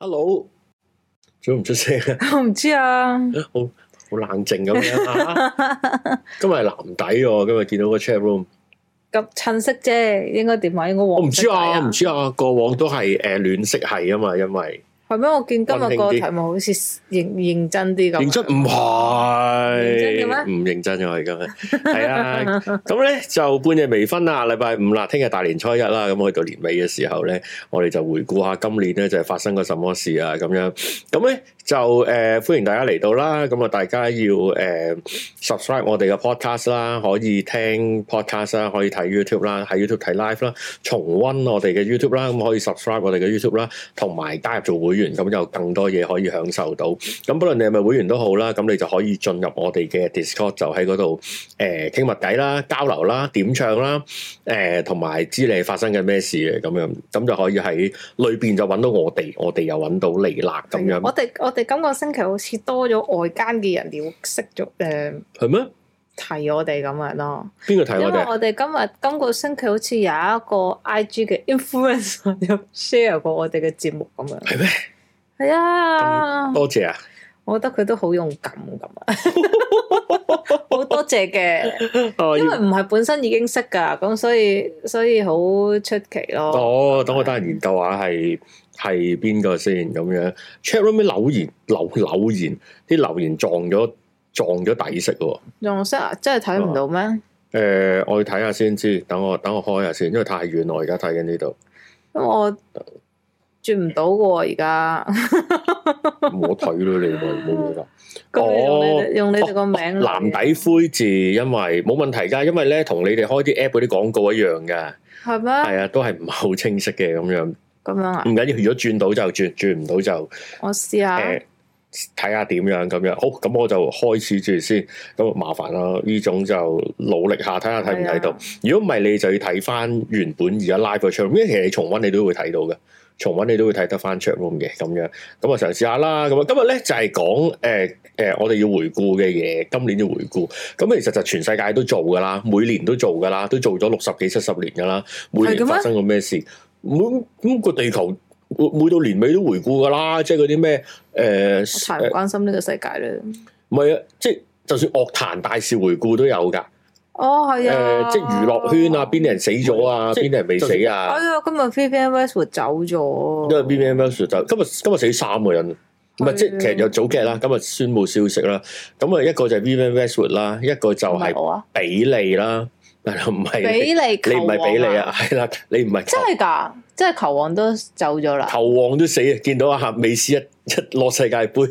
阿老做唔出聲，我唔知啊，知啊 好好冷靜咁樣 今日係藍底喎，啊，今日見到個 chat room，咁襯色啫，應該點話？應該，啊、我唔知啊，我唔知啊，過往都係誒、呃、暖色系啊嘛，因為。係咩？我見今日個題目好似認認真啲咁。認真唔係，唔認真又係咁樣。係啊，咁咧 就半夜微醺啦，禮拜五啦，聽日大年初一啦，咁去到年尾嘅時候咧，我哋就回顧下今年咧就係、發生過什麼事啊咁樣。咁咧。就誒、呃、歡迎大家嚟到啦！咁啊，大家要誒、呃、subscribe 我哋嘅 podcast 啦，可以聽 podcast 啦，可以睇 YouTube 啦，喺 YouTube 睇 live 啦，重溫我哋嘅 YouTube 啦，咁、嗯、可以 subscribe 我哋嘅 YouTube 啦，同埋加入做會員，咁就更多嘢可以享受到。咁，不論你係咪會員都好啦，咁你就可以進入我哋嘅 Discord，就喺嗰度誒傾密偈啦、交流啦、點唱啦、誒同埋知你發生緊咩事嘅咁樣，咁就可以喺裏邊就揾到我哋，我哋又揾到你啦咁樣。我哋我哋。今個星期好似多咗外間嘅人料識咗誒，係、呃、咩？嗎提我哋咁樣咯，邊個提我哋？因為我哋今日今個星期好似有一個 I G 嘅 Influencer share 過我哋嘅節目咁樣，係咩嗎？係啊、嗯，多謝啊！我覺得佢都好勇敢咁啊，好 多謝嘅， 因為唔係本身已經識噶，咁所以所以好出奇咯。哦，等我等人研究下係。係邊個先咁樣？chatroom 啲留言柳留言，啲留言，言，言撞咗撞咗底色咯，撞色啊！真係睇唔到咩？誒、嗯欸，我要睇下先知，等我等我開下先，因為太遠，我而家睇緊呢度。咁、嗯、我轉唔到嘅，而家冇睇咯，你咪冇得。我用你哋個、哦、名、啊，藍底灰字，因為冇問題噶，因為咧同你哋開啲 app 嗰啲廣告一樣噶，係咩？係啊，都係唔係好清晰嘅咁樣。咁樣啊？唔緊要，如果轉到就轉，轉唔到就我試下睇下點樣咁樣。好，咁我就開始住先。咁麻煩啦，呢種就努力下睇下睇唔睇到。如果唔係，你就要睇翻，原本而家拉過出，因為其實你重溫你都會睇到嘅，重溫你都會睇得翻桌 r 嘅咁樣。咁啊嘗試下啦。咁啊今日咧就係講誒誒，我哋要回顧嘅嘢，今年要回顧。咁其實就全世界都做噶啦，每年都做噶啦，都做咗六十幾七十年噶啦，每年發生過咩事？每咁、那個地球，每到年尾都回顧噶啦，即係嗰啲咩誒，呃、太唔關心呢個世界咧。唔係啊，即係就算樂壇大事回顧都有噶。哦，係啊，呃、即係娛樂圈啊，邊啲人死咗啊，邊啲對即人未死啊、就是？哎呀，今日 Vivienne Westwood 走咗。因為 Vivienne Westwood 今日今日死三個人，唔係、啊、即係其實又早 g 啦。今日宣布消息啦，咁啊一個就係 Vivienne Westwood 啦，一個就係比利啦。嗱，唔係 你，比你唔係比利啊，係啦， 你唔係，真係噶，真係球王都走咗啦，球 王都死啊！見到阿美斯一一落世界杯，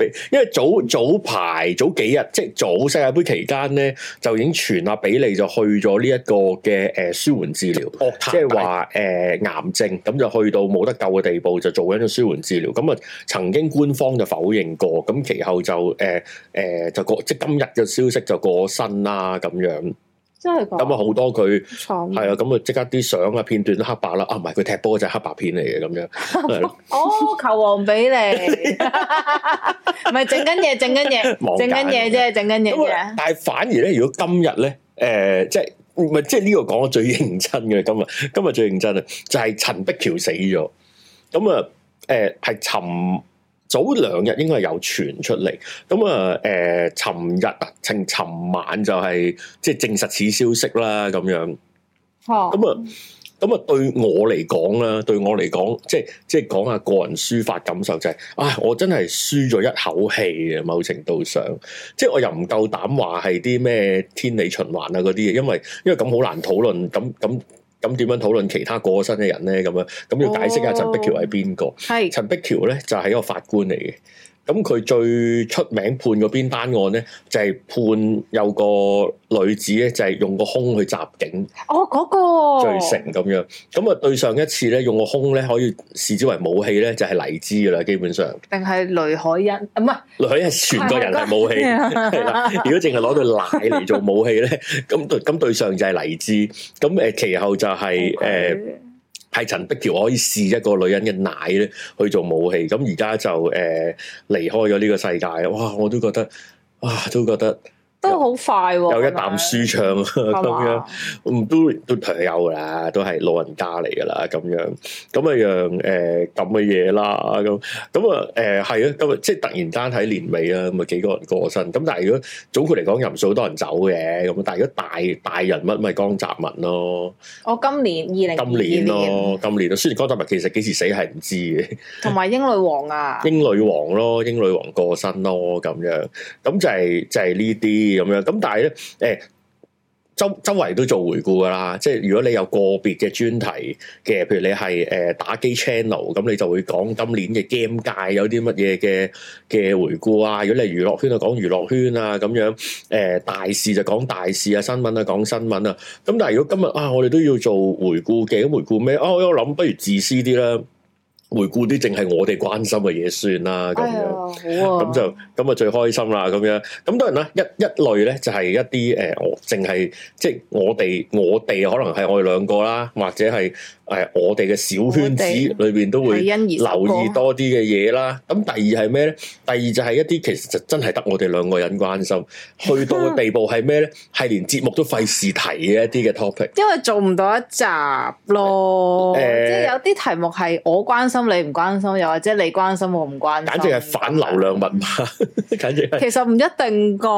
因為早早排早幾日，即係早世界杯期間咧，就已經傳阿比利就去咗呢一個嘅誒舒緩治療，即係話誒癌症咁就去到冇得救嘅地步，就做緊咗舒緩治療。咁啊，曾經官方就否認過，咁其後就誒誒、呃呃、就過，即係今日嘅消息就過身啦，咁樣。真係咁啊！好多佢係啊，咁啊慘，即刻啲相啊片，片段都黑白啦。啊，唔係佢踢波就係黑白片嚟嘅咁樣。 哦，球王比利，唔係整緊嘢，整緊嘢，整緊嘢啫，整緊嘢啫。忙間 但係反而咧，如果今日咧，誒、呃，即係唔係即係呢個講得最認真嘅今日，今日最認真啊，就係、是、陳碧橋死咗。咁、嗯、啊，誒、呃，係沉。早兩日應該係有傳出嚟，咁啊誒，尋、嗯、日啊，從尋晚就係、是、即係證實此消息啦，咁樣。哦。咁啊、嗯，咁、嗯、啊，對我嚟講啦，對我嚟講，即係即係講下個人抒發感受就係、是，啊，我真係舒咗一口氣啊！某程度上，即係我又唔夠膽話係啲咩天理循環啊嗰啲嘢，因為因為咁好難討論，咁咁。咁點樣討論其他過身嘅人咧？咁樣咁要解釋下陳碧橋係邊個？係、Oh. 陳碧橋咧，就係、係、一個法官嚟嘅。咁佢最出名判嗰邊單案咧，就係、是、判有個女子咧，就係、是、用個胸去襲警。哦，嗰、那個。罪成咁樣，咁啊對上一次咧，用個胸咧可以視之為武器咧，就係黎姿噶啦，基本上。定係雷海欣？唔係，雷海欣全個人係武器，係啦。 如果淨係攞對奶嚟做武器咧，咁對咁對上就係黎姿。咁誒，其後就係、是、誒。Okay. 係陳碧橋，可以試一個女人嘅奶咧去做武器。咁而家就誒、呃、離開咗呢個世界。哇！我都覺得，哇，都覺得。都好快喎，啊，又一啖舒暢咁 樣嗯都，都朋友休啦，都係老人家嚟噶啦，咁樣咁啊，讓誒咁嘅嘢啦，咁咁啊，誒係啊，今、呃、日即係突然間喺年尾啊，咁啊幾個人過身，咁但係如果總括嚟講，又唔算好多人走嘅，咁但係如果大大人物咪、就是、江澤民咯，我、哦、今年二零今年咯，今年啊，雖然江澤民其實幾時死係唔知嘅，同埋英女王啊，英女王咯，英女王過身咯，咁樣咁就係、是、就係呢啲。就是咁樣，咁但係咧，誒，周周圍都做回顧噶啦，即係如果你有個別嘅專題嘅，譬如你係誒、呃、打機 channel，咁你就會講今年嘅 game 界有啲乜嘢嘅嘅回顧啊。如果你娛樂圈啊講娛樂圈啊，咁樣，誒、呃、大事就講大事啊，新聞啊講新聞啊。咁但係如果今日啊，我哋都要做回顧嘅，咁回顧咩啊，哦？我諗不如自私啲啦。回顧啲淨係我哋關心嘅嘢算啦，咁、哎、呦樣咁就咁啊就最開心啦，咁樣咁當然啦，一一類咧就係一啲誒、呃、我淨係即係我哋我哋可能係我哋兩個啦，或者係誒、呃、我哋嘅小圈子裏邊都會留意多啲嘅嘢啦。咁第二係咩咧？第二就係一啲其實就真係得我哋兩個人關心，去到嘅地步係咩咧？係連節目都費事提嘅一啲嘅 topic， 因為做唔到一集咯。欸、即係有啲題目係我關心。嗯嗯嗯嗯嗯嗯嗯你唔關心，又或者你關心我唔關心，簡直係反流量密碼。 簡直係，其實唔一定個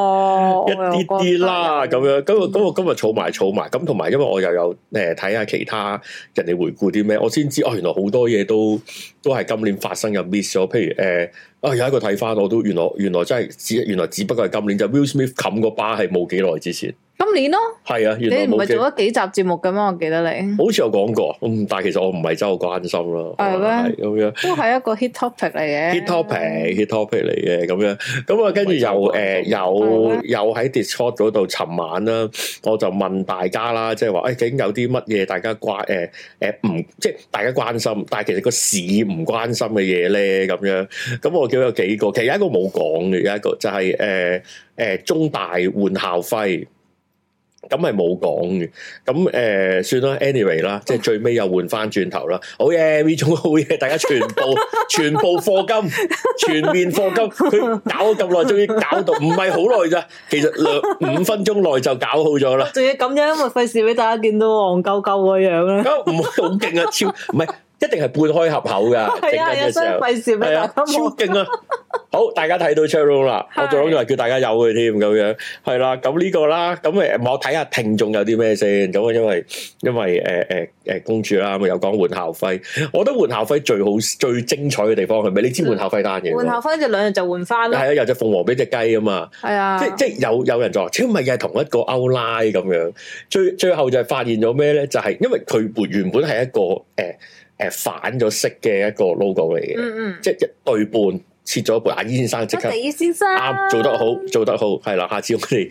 一啲啲啦，咁樣。咁我咁我今日儲埋儲埋，咁同埋，因為我又有誒睇下其他人哋回顧啲咩，我先知哦，原來好多嘢都都係今年發生嘅 miss 咗，譬如誒。呃啊，有一個睇返，我都原來原來真係只原來只不過係今年就是、Will Smith 冚個巴係冇幾耐之前，今年咯、喔，係啊，你唔係做咗幾集節目嘅咩？我記得你，好似有講過，嗯，但係其實我唔係真係好關心咯，係咯嗎，咁樣、嗯、都係一個 hit topic 嚟嘅，hit topic hit topic 嚟嘅咁樣，咁啊，跟住又誒嗎、呃，又又喺 Discord 嗰度，尋晚啦，我就問大家啦，即係話誒，究竟有啲乜嘢大家關誒誒唔即係大家關心，但係其實個市唔關心嘅嘢咧，咁樣咁我。仲有幾個，其實有一個冇講嘅，有一個就係誒誒中大換校徽，咁係冇講嘅。咁誒、呃、算啦，anyway 啦，即係最尾又換翻轉頭啦。好嘢呢種好嘢，大家全部 全部課金，全面課金。佢搞咗咁耐，終於搞到，唔係好耐咋，其實兩五分鐘內就搞好咗啦。仲 要咁樣，咪費事俾大家見到黃鳩鳩個樣啦。唔好， 好勁啊，超唔係。一定係半開合口噶，係啊，又想費事咩？係啊，超勁啊！ 好，大家睇到 Charles 啦的，我仲諗住話叫大家有嘅添咁樣係啦。咁呢個啦，咁誒，我睇下聽眾有啲咩先咁啊？因為因為誒誒誒，公主啦，咁啊，又講換校徽，我覺得換校徽最好最精彩嘅地方係咪？你知換校徽單嘢？換校徽就兩日就換翻啦。係啊，有隻鳳凰俾隻雞啊嘛。係啊、哎呀，即即有有人就話，咦，唔係又係同一個歐拉咁樣？最最後就係發現咗咩咧？就係、是、因為佢原本係一個誒。欸欸誒、呃，反咗色嘅一個 logo 嚟嘅，嗯嗯，即係一對半切咗一半。阿李先生即刻，阿李先生啱、啊、做得好，做得好，係啦。下次我哋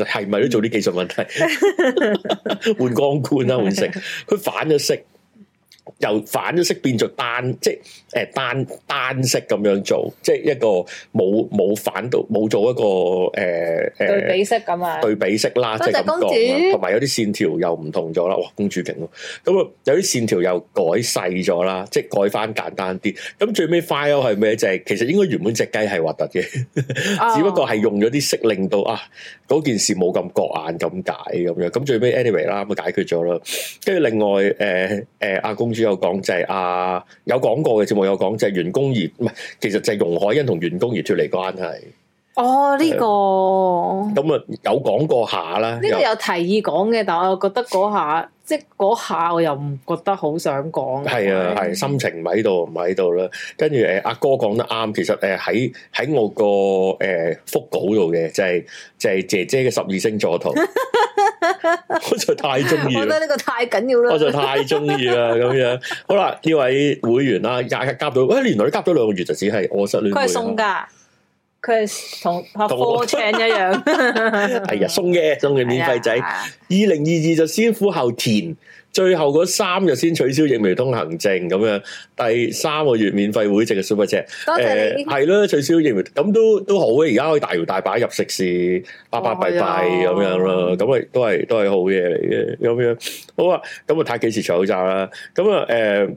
係咪都做啲技術問題，換 光冠啦、啊，換色，佢 反咗色。由反咗色變做單，即係誒、呃、單單色咁樣做，即係一個冇冇反到冇做一個誒誒、呃、對比色咁，啊對比色啦，即係咁講同埋有啲線條又唔同咗啦。哇！公主勁咯，咁啊有啲線條又改細咗啦，即係改翻簡單啲。咁最尾 file 係咩？就係、是、其實應該原本隻雞係核突嘅， 只不過係用咗啲色令到啊嗰件事冇咁割眼咁解咁樣。咁最尾 anyway 啦，咁解決咗啦。跟住另外誒誒阿公主，有講就係阿有講過嘅節目有講就係袁弓夷唔係，其實就係容海恩同袁弓夷脫離關係。哦，呢、這個咁，啊有講過下啦。呢個有提議講嘅，但我又覺得嗰下。即嗰下，我又唔覺得好想講。係啊，係、啊、心情唔喺度，唔喺度啦。跟住誒，阿、啊、哥講得啱，其實誒喺喺我個誒復稿度嘅，就係、是、就係、是、姐姐嘅十二星座圖。 我就太中意。 我覺得呢個太緊要啦。 我就太中意啦，咁樣。好啦，呢位會員啦，廿日夾到，喂、哎，你原來你夾咗兩個月就只係我失戀。佢係送㗎。佢係同學課程一樣、 哎呀，係啊，送嘅，送嘅免費仔。二零二二就先苦後甜，最後嗰三日先取消疫苗通行證咁樣，第三個月免費會籍嘅 super cheap。多謝你係咯、呃，取消疫苗咁都都好嘅，而家可以大搖大擺入食肆，拜拜哇拜拜咁的樣咯。咁啊都係都係好嘢嚟嘅咁樣。好啊，咁啊睇幾時除口罩啦。咁啊誒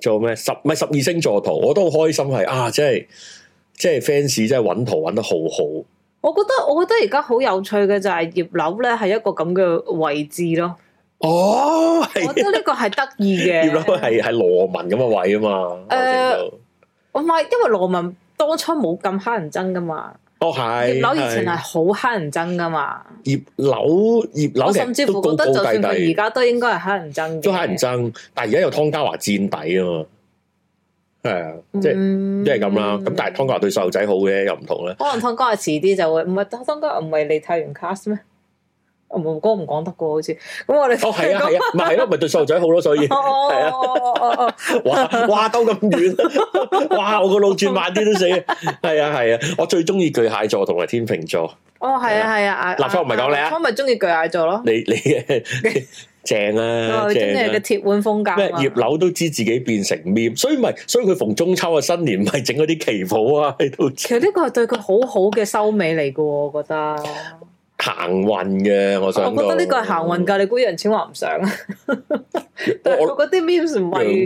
做咩？十唔十二星座圖，我都好開心係啊，即係。啊即即係 fans，真係揾圖揾得好好。我覺得，我覺得而家好有趣嘅就係葉柳咧，係一個咁嘅位置咯。哦，啊、我覺得呢個係得意嘅。葉 柳係係羅文咁嘅位啊嘛。誒、呃，唔係，因為羅文當初冇咁乞人憎噶嘛。哦係。葉柳以前係好乞人憎噶嘛。葉柳葉柳，葉柳高高低低我甚至乎覺得，就算佢而家都應該係乞人憎都乞人憎，但係而家有湯家華墊底啊嘛。係啊，即係即係咁啦。咁但係湯哥對細路仔好嘅又唔同咧。可能湯哥遲啲就會唔係湯哥唔係你太陽 cast 咩？吳哥唔講得噶好似。咁我哋哦係啊係啊，咪係咯，咪對細路仔好咯，所以係啊。哇哇兜咁遠，哇我個路轉慢啲都死。係啊係啊，我最中意巨蟹座同埋天秤座。哦係啊係啊，立秋唔係講你啊，我咪中意巨蟹座咯。你你。正啦、啊，啊、正、啊。鐵腕風格，咩葉劉都知自己變成面，所以咪所以佢逢中秋啊新年咪整嗰啲旗袍啊， 其實呢個係對佢好好嘅收尾嚟噶，我覺得。行運嘅，我想。我覺得呢個係行運噶，啊、你估楊千嬅唔想？啊 我？ 我我嗰啲 mims 唔係。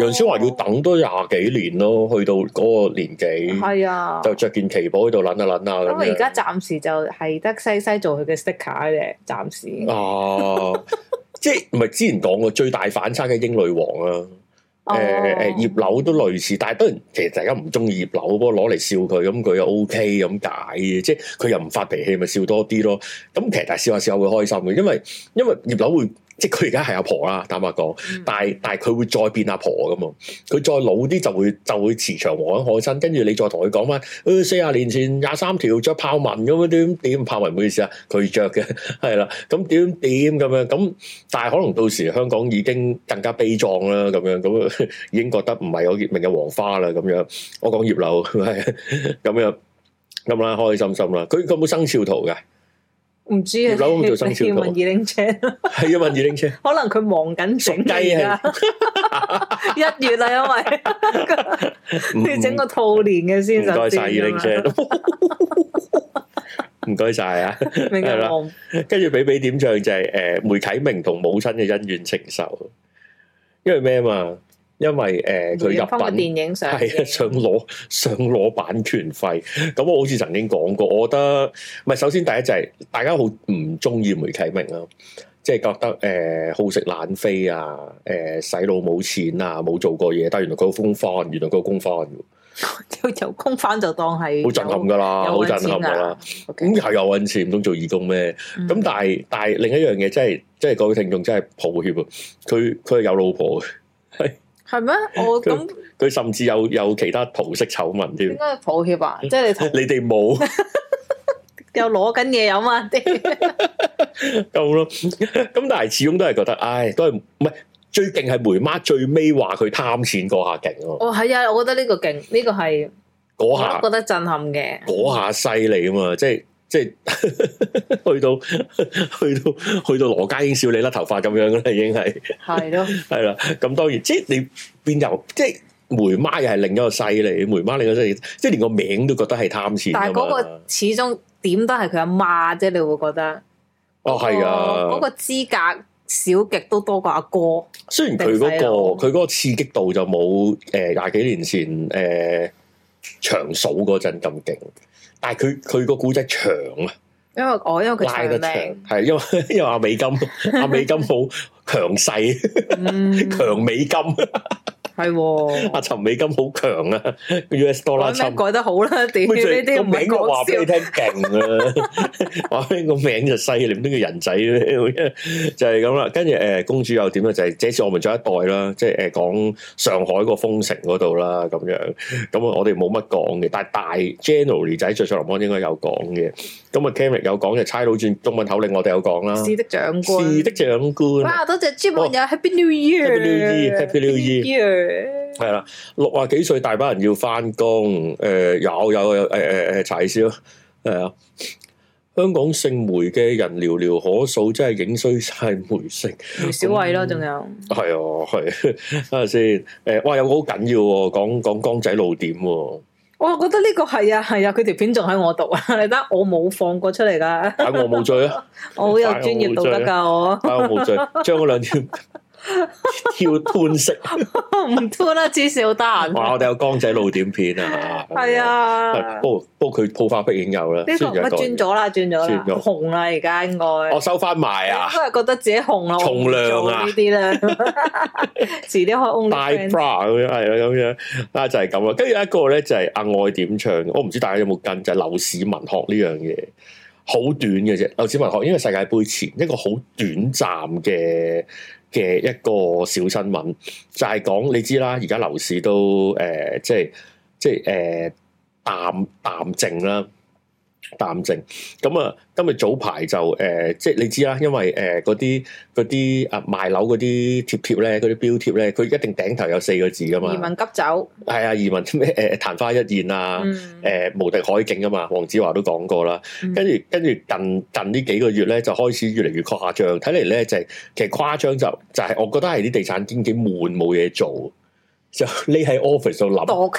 楊千嬅要等多廿幾年咯，去到嗰個年紀係啊，就着件旗袍喺度捻一捻啊，咁我而家暫時就係得西西做佢嘅 sticker 啫，暫時。啊， 即係唔係之前講過最大反差嘅英女王啊？誒誒，葉、哦欸欸、柳都類似，但係當然，其實大家唔中意葉柳，不過攞嚟笑佢，咁佢又 OK 咁解，嘅，即係佢又唔發脾氣，咪笑多啲咯。咁其實但係笑下笑下會開心嘅，因為因為葉柳會。即係佢而家係阿婆啦，坦白講、mm hmm.，但係但係佢會再變阿婆咁啊！佢再老啲就會就會慈祥和藹可親。跟住你再同佢講翻，四、呃、廿年前廿三條着豹紋咁樣點點豹紋？唔好意思啊，佢着嘅係啦。咁點點咁樣咁？但係可能到時香港已經更加悲壯啦，咁樣咁啊，已經覺得唔係我，命我葉明嘅黃花啦，咁樣我講葉劉咁樣咁啦，開心心啦。佢佢有冇生肖圖嘅？唔知啊，要問二零車，係要問二零車。可能佢忙緊整雞啊，一月啊，因為你要整個兔年嘅先。唔該晒，二零車，唔該晒，啊。明唔明？跟住俾俾點唱就係誒梅啟明同母親嘅恩怨情仇，因為咩啊嘛？因為誒佢入品係啊，呃、上攞、嗯、想攞版權費。咁我好似曾經講過，我覺得咪首先第一就係、是、大家好唔中意梅啟明咯，即、就、係、是、覺得誒、呃、好食懶飛啊，誒、呃、洗腦冇錢啊，冇做過嘢。但係原來佢有工翻，原來佢有工翻就有有工翻就當係好震撼噶啦，好震撼噶啦。咁又有揾錢，唔通做義工咩？咁、嗯、但係但係另一樣嘢、就是，即係即係各位聽眾真係抱歉啊，佢佢係有老婆嘅。 係咩？我咁佢甚至有有其他桃色醜聞添。應該抱歉啊，即係 你睇，你哋冇，又攞緊嘢有嘛啲夠咯。咁但係始終都係覺得，唉，都係唔係最勁係梅媽最尾話佢貪錢嗰下勁咯哦。係啊，我覺得呢個勁，呢、這個係嗰下我覺得震撼嘅，嗰下犀利啊嘛，即係。即係 去到去到去到羅家英少你甩頭髮咁樣啦，已經係係咯，係啦。咁當然，即係你變由即係梅媽又係另一個犀利，梅媽另一個即係，即係連個名都覺得係貪錢。但係嗰個始終點都係佢阿媽啫，你會覺得哦係啊，嗰個資格少極都多過阿哥，哥。雖然佢嗰、嗰個佢個刺激度就冇誒廿幾年前誒、呃、長嫂嗰陣咁勁。但係佢佢個古仔長啊，因為我因為佢拉得長，係因為因為阿美金，阿 美金好強勢，強、嗯、美金。係阿陳美金好強啊！U.S. dollar 改得好啦，點呢啲都唔講。話俾 你聽勁 啊！話俾個名就犀利，呢個人仔咧 就係咁啦。跟住誒，公主又點咧？就係、是、這次我們再一代啦，即係誒講上海個封城嗰度啦，咁樣咁我哋冇乜講嘅，但係大 General 仔在上林邦應該有講嘅。咁啊，Cameron 有講就差佬轉中文口令我，我哋有講啦。士的長官，士的長官。哇、啊！多謝朱文友喺 a 度？Happy New Year！Happy New Year！Happy New Year！係啦，六啊幾歲大把人要翻工，誒、呃、有有有誒誒誒柴燒，係、欸、啊，香港姓梅嘅人寥寥可數，真係影衰晒梅姓，梅小慧咯，仲、嗯、有係啊係，睇下先，誒哇、呃、有冇好緊要嘅？講講江仔路點？我覺得呢個係啊係啊，佢條片仲喺我度啊，讀 你得我冇放過出嚟噶，係我冇罪啊，罪罪罪我好有專業道德噶，我係我冇罪。將嗰兩條。 跳潘食，唔潘啦，至少得閒。 我哋有光仔露點片啊？係啊，不過不過佢鋪花畢竟有啦、這個，轉咗啦，轉咗啦，紅啦，而家應該我收翻埋啊！都係覺得自己紅咯，重量啊呢啲啦，遲啲 開 u 大 bra 咁樣係啊，咁樣啊就係咁啊。跟住一個咧就係、是就是、阿愛點唱，我、哦、唔知大家有冇跟，就樓、是、市文學呢樣嘢好短嘅啫。樓市文學因為世界盃前一個好短暫嘅。嘅一個小新聞，就係、是、講你知啦，而家樓市都誒、呃，即係即係誒、呃，淡淡靜啦。淡靜咁啊！今日早排就誒，即係你知啦，因為誒嗰啲啲啊賣樓嗰啲貼貼咧，嗰啲標貼咧，佢一定頂頭有四個字㗎嘛。移民急走係啊！移民咩誒？曇、呃、花一現啊！誒、嗯、無敵海景啊嘛！黃子華都講過啦。跟住跟住近近呢幾個月咧，就開始越嚟越誇張。睇嚟咧就係、是、其實誇張就是、就係、是、我覺得係啲地產經紀悶冇嘢做。就匿喺 office 度諗讀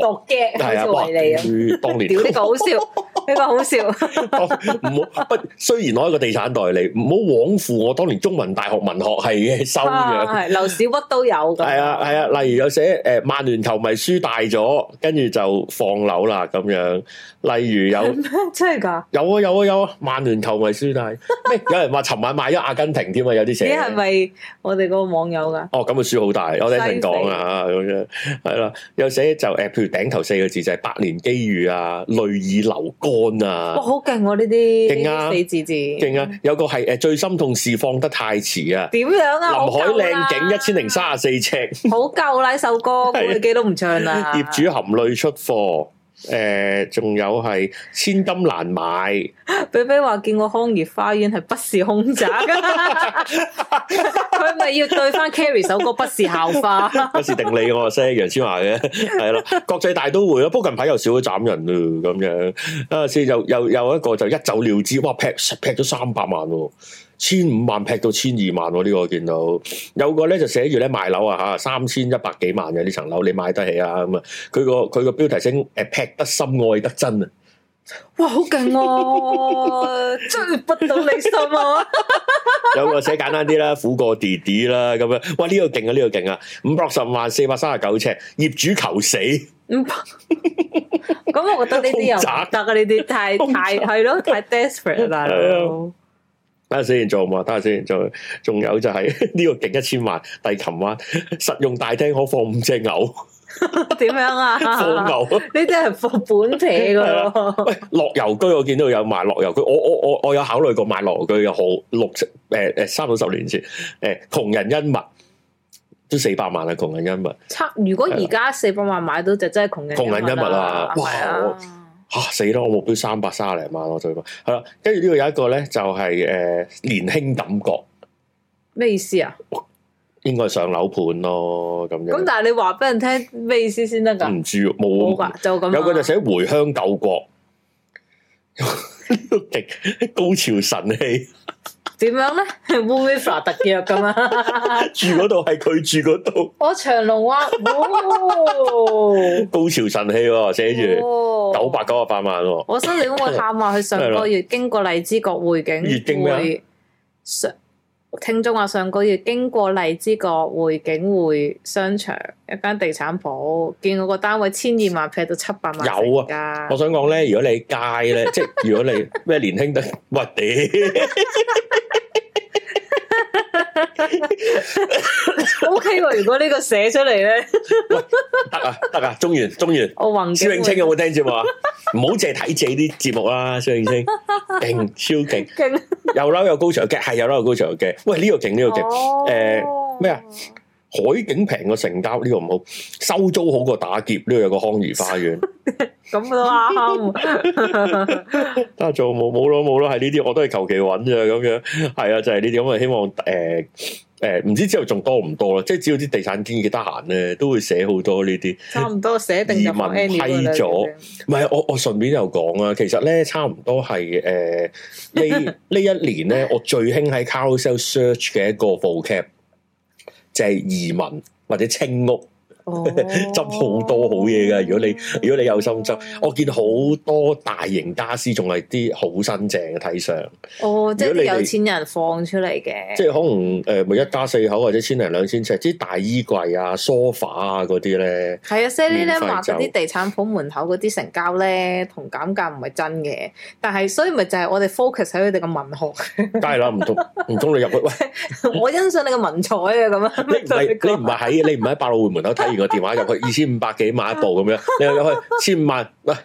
讀嘅係啊，我書當年屌呢個好笑，呢個好笑。唔好不雖然我係一個地產代理，唔好枉負我當年中文大學文學系嘅修養。係樓市乜都有嘅。係啊係啊，例如有寫誒曼聯球迷輸大咗，跟住就放樓啦咁樣。例如有真係噶？有啊有啊有啊！曼聯球迷輸大，咩有人話尋晚買咗阿根廷添啊？有啲寫，你係咪我哋嗰個網友噶？哦，咁啊輸好大，我哋一定講啊咁樣係啦，有寫 就誒，譬如頂頭四個字就係、是、百年機遇啊，淚已流乾啊，哇，好勁喎呢啲，勁啊，四字字，勁啊，有個係誒最心痛事放得太遲啊，點樣啊？林海靚景一千零三十四尺，好舊啦，呢首歌部機都唔唱啦，業主含淚出貨。誒，仲、呃、有係千金難買。 比比話見過康怡花園係不是空宅㗎，佢咪 要對翻 Carrie 首歌《不是校花》。不是定理，我話識楊千嬅嘅，係啦，國際大都會咯。不過近排又少咗斬人咯，咁樣啊，先又又有一個就一走了之，哇劈劈咗三百萬喎。千五萬劈到千二萬，啊，呢、這個我見到有個咧就寫住咧賣樓啊吓，三千一百幾萬嘅呢層樓，層樓你買得起啊咁啊？佢個佢個標題寫誒，劈得深愛得真啊！哇，好勁啊！追 不到你心啊！ 有個寫簡單啲啦，苦過弟弟啦咁樣。哇，呢、這個勁啊，呢、這個勁啊！五百六十五萬四百三十九尺，業主求死。五百！咁我覺得呢啲又得啊，呢啲太太係咯，太 desperate 啦。等下先，再嘛？等下先，再。仲有就係呢個勁一千萬，第琴晚實用大廳可放五隻牛，點 樣啊？ 放牛？呢啲係放本皮噶。喂、 哎，落游居我見到有賣落游居，我我我我有考慮過買落游居，又好六誒誒、哎、三到十年前，誒、哎、窮人恩物都四百萬啦，窮人恩物。差如果而家四百萬買到就真係窮人，窮人恩物啦。哇！哇哇嚇死咯！我目標三百三十萬咯，最高係啦。跟住呢個有一個咧、就是，就係誒年輕感覺，咩意思啊？應該係上樓盤咯，咁樣。咁但係你話俾人聽咩意思先得噶？唔知喎，冇就咁、啊。有個就寫回鄉救國，呢個極高潮神器。點樣咧？會唔會發特約咁啊？住嗰度係佢住嗰度。我長隆灣，哦，高潮神氣喎，啊，寫住，哦，九百九十八萬，啊。 我新年會喊話佢上個月經過荔枝角匯景。 月經聽眾話，上個月經過荔枝角匯景匯商場一間地產鋪，見到個單位千二萬劈到七百萬，有啊！我想講呢，如果你街呢， 即係如果你咩年輕得屈地。 哇 O K 喎， okay，如果個寫呢個寫出嚟咧，得 啊，得啊，中原，中原，哦，肖永清有冇聽節目啊？唔好淨係睇自己啲節目啦、啊，肖永清，勁，超勁，勁害，又嬲又高潮嘅，係又嬲又高潮嘅。喂，呢度勁，呢度勁，誒咩、oh。呃、啊？海景平個成交呢、這個，唔好收租好過打劫呢、這個有個康怡花園，咁都啱得做，冇，冇咯，冇咯。係呢啲我都係求其搵啫，咁樣係啊，就係呢啲。咁啊，希望誒誒，唔知之後仲多唔多啦，即係只要啲地產經紀得閒咧都會寫好多呢啲，差唔多寫定文批咗。唔係我，我順便又講啊，其實咧，差唔多係，誒，呢呢一年咧，我最興喺 Carousell Search 嘅一個 vocab，就係移民或者清屋。執好多好嘢噶，如果你如果你有心執，我見好多大型家私仲係啲好新淨嘅。睇相哦，即係啲有錢人放出嚟嘅，即係可能誒，咪一家四口或者千零兩千尺即係大衣櫃啊、梳化啊嗰啲咧。係啊，所以咧話嗰啲地產鋪門口嗰啲成交咧，同減價唔係真嘅。但係所以咪就係我哋 focus 喺佢哋嘅文學。梗係啦，唔通唔通你入去？喂，我欣賞你嘅文采啊，咁樣。你唔係你唔係喺你唔係喺百老匯門口睇？個 電話入去二千五百幾萬一部咁樣，你又入去千五萬，唔係